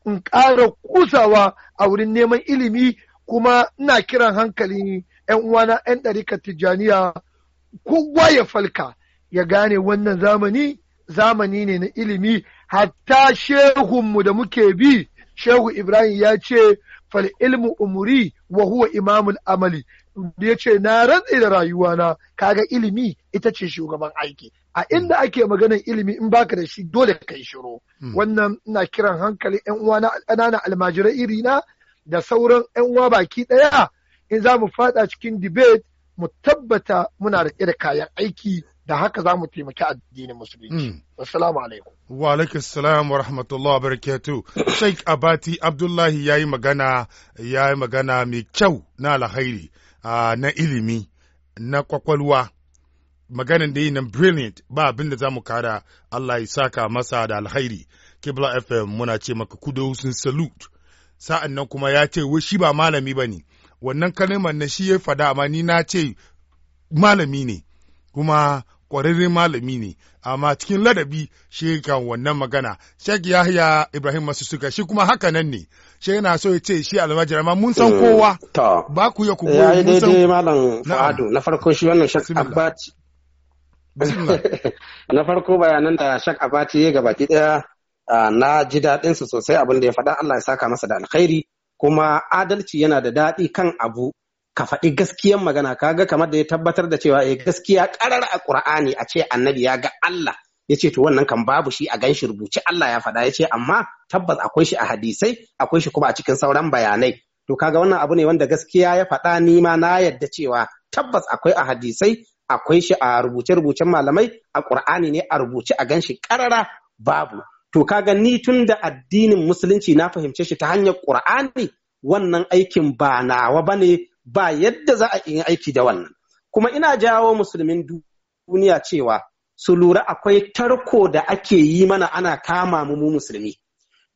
in ƙara kusawa a wurin neman ilimi kuma ina kiran hankali yan uwana yan ɗarika tijjaniya kowa ya falka ya gane wannan zamani zamani ne na ilimi hatta shehunmu da muke bi shehu ibrahim ya ce fal ilmu umuri wa huwa imamul amali da ya ce na rantse da rayuwana kaga ilimi ita ce shugaban aiki a inda ake maganar ilimi in baka da shi dole ka kai shiru hmm. wannan ina kiran hankali yan uwana ƙananan almajirai na da sauran yan uwa baki ɗaya in za mu faɗa cikin debate mu tabbata muna riƙe da kayan aiki da haka za mu taimaki addinin musulunci hmm. assalamu alaikum wa alaikum salam wa rahmatullahi wa barakatu sheikh abati abdullahi ya yi magana ya yi magana mai kyau na alhairi, na ilimi na kwakwalwa maganin da yi nan brilliant ba abin da za mu kara Allah ya saka masa da alhairi. kibla fm muna ce maka kudosin salute sa'an nan kuma ya ce wai shi ba malami ba ne wannan kalimar na shi ya fada amma ni na ce malami ne kuma kwararren malami ne amma cikin ladabi shi kan wannan magana shek yahya ibrahim masu suka shi kuma haka nan ne shi yana so ya ce shi almajira amma mun san eh, kowa ba ku ya ku eh, goyi mun san malam fa'adu na farko shi wannan shek abati [LAUGHS] na farko bayanan da shek abati ya gabaki daya na ji daɗin su sosai abin da ya faɗa Allah ya saka masa da alkhairi kuma adalci yana da daɗi kan abu ka faɗi gaskiyan magana kaga kamar da ya tabbatar da cewa eh, gaskiya karar a Qur'ani a ce annabi ya ga Allah ya ce to wannan kan babu shi a ganshi rubuce Allah ya faɗa ya ce amma tabbas akwai shi a hadisai akwai shi kuma a cikin sauran bayanai to kaga wannan abu ne wanda gaskiya ya faɗa ni ma na yadda cewa tabbas akwai a hadisai akwai shi a rubuce-rubucen malamai a Qur'ani ne a rubuce a ganshi karara babu to kaga ni tun da addinin musulunci na fahimce shi ta hanyar Qur'ani wannan aikin ba nawa bane ba yadda za a yi aiki da wannan kuma ina jawo musulmin duniya cewa su lura akwai tarko da ake yi mana ana kama mu mu musulmi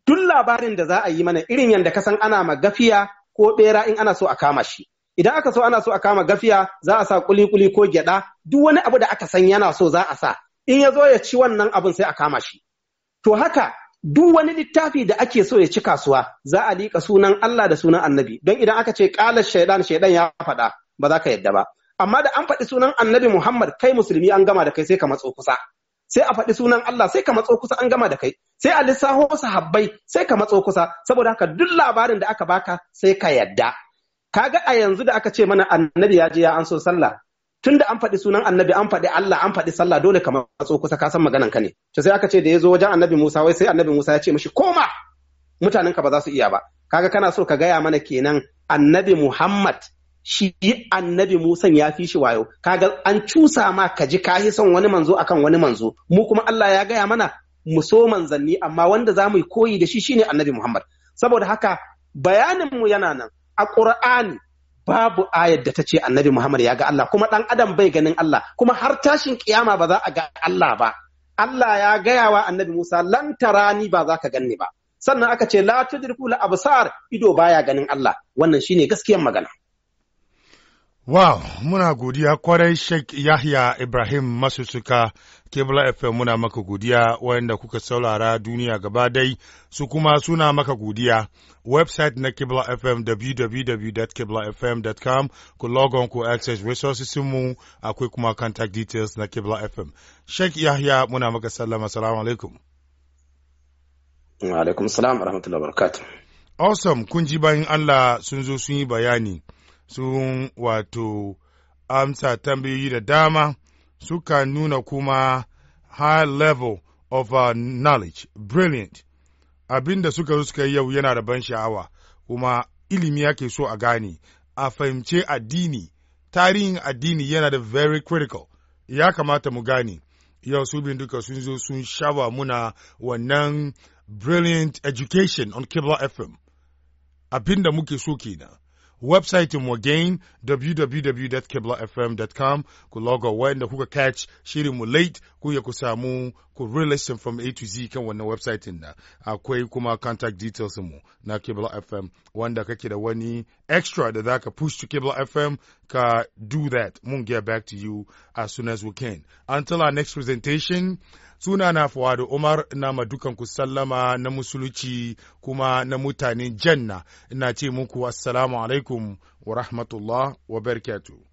duk labarin da za a yi mana irin yadda kasan ana magafiya ko bera in ana so a kama shi idan aka so ana so a kama gafiya za a sa kuli-kuli ko gyada duk wani abu da aka san yana so za a sa in ya zo ya ci wannan abin sai a kama shi to haka duk wani littafi da ake so ya ci kasuwa za a liƙa sunan Allah da sunan annabi don idan aka ce ƙalar shaidan shaidan ya faɗa ba za ka yadda ba amma da an faɗi sunan annabi Muhammad kai musulmi an gama da kai sai ka matso kusa sai a faɗi sunan Allah sai ka matso kusa an gama da kai sai a lissaho sahabbai sai ka matso kusa saboda haka duk labarin da aka baka sai ka yadda Ka ga a yanzu da aka ce mana annabi ya je ya an so sallah tunda an faɗi sunan annabi an faɗi Allah an faɗi sallah dole kamar matso kusa ka san maganan ka ne to sai aka ce da ya zo wajen annabi Musa wai sai annabi Musa ya ce mishi koma mutanen ka ba za su iya ba kaga kana so ka gaya mana kenan annabi Muhammad shi annabi Musa ya fi shi wayo kaga an cusa ma ka ji son wani manzo akan wani manzo mu kuma Allah ya gaya mana mu so manzanni amma wanda za mu yi koyi da shi shine annabi Muhammad saboda haka bayanin mu yana nan a Qur'ani babu ayar da ta ce annabi Muhammad ya ga Allah kuma ɗan adam bai ganin Allah kuma har tashin kiyama ba za a ga Allah ba Allah ya gaya wa annabi Musa lan tarani ba za ka ganni ba sannan aka ce la tudriku la absar ido baya ganin Allah wannan shine gaskiyar magana Wow, muna godiya kwarai Sheikh Yahya Ibrahim Masusuka Kebla FM muna maka godiya wayanda kuka saurara duniya gaba dai su kuma suna maka godiya. Website na Kebla FM www.kiblafm.com ku logon ku access resources mu akwai kuma contact details na Kebla FM. Sheikh Yahya muna maka sallama salamu alaikum. Wa alaikum salam wa rahmatullahi wa barakatuh. Awesome kun ji bayan Allah sun zo sun yi bayani sun wato amsa tambayoyi da dama. suka nuna kuma high level of uh, knowledge brilliant abinda suka zo suka yi yau yana da ban sha'awa kuma ilimi yake so a gane a fahimce addini tarihin addini yana da very critical ya kamata mu gane yau su bin duka sun zo sun shawa muna wannan brilliant education on kibla fm abinda muke so kenan website mu again www.kiblafm.com ku logo wanda kuka catch shirin mu late ku ya ku samu ku re-listen from A to Z kan wannan website na akwai kuma contact details mu na Kibla FM wanda kake da wani extra da zaka push to Kibla FM ka do that mun get back to you as soon as we can until our next presentation suna na Fawadu Umar na madukan ku sallama na musulunci kuma na mutanen janna ina ce muku assalamu alaikum wa rahmatullah wa barakatuh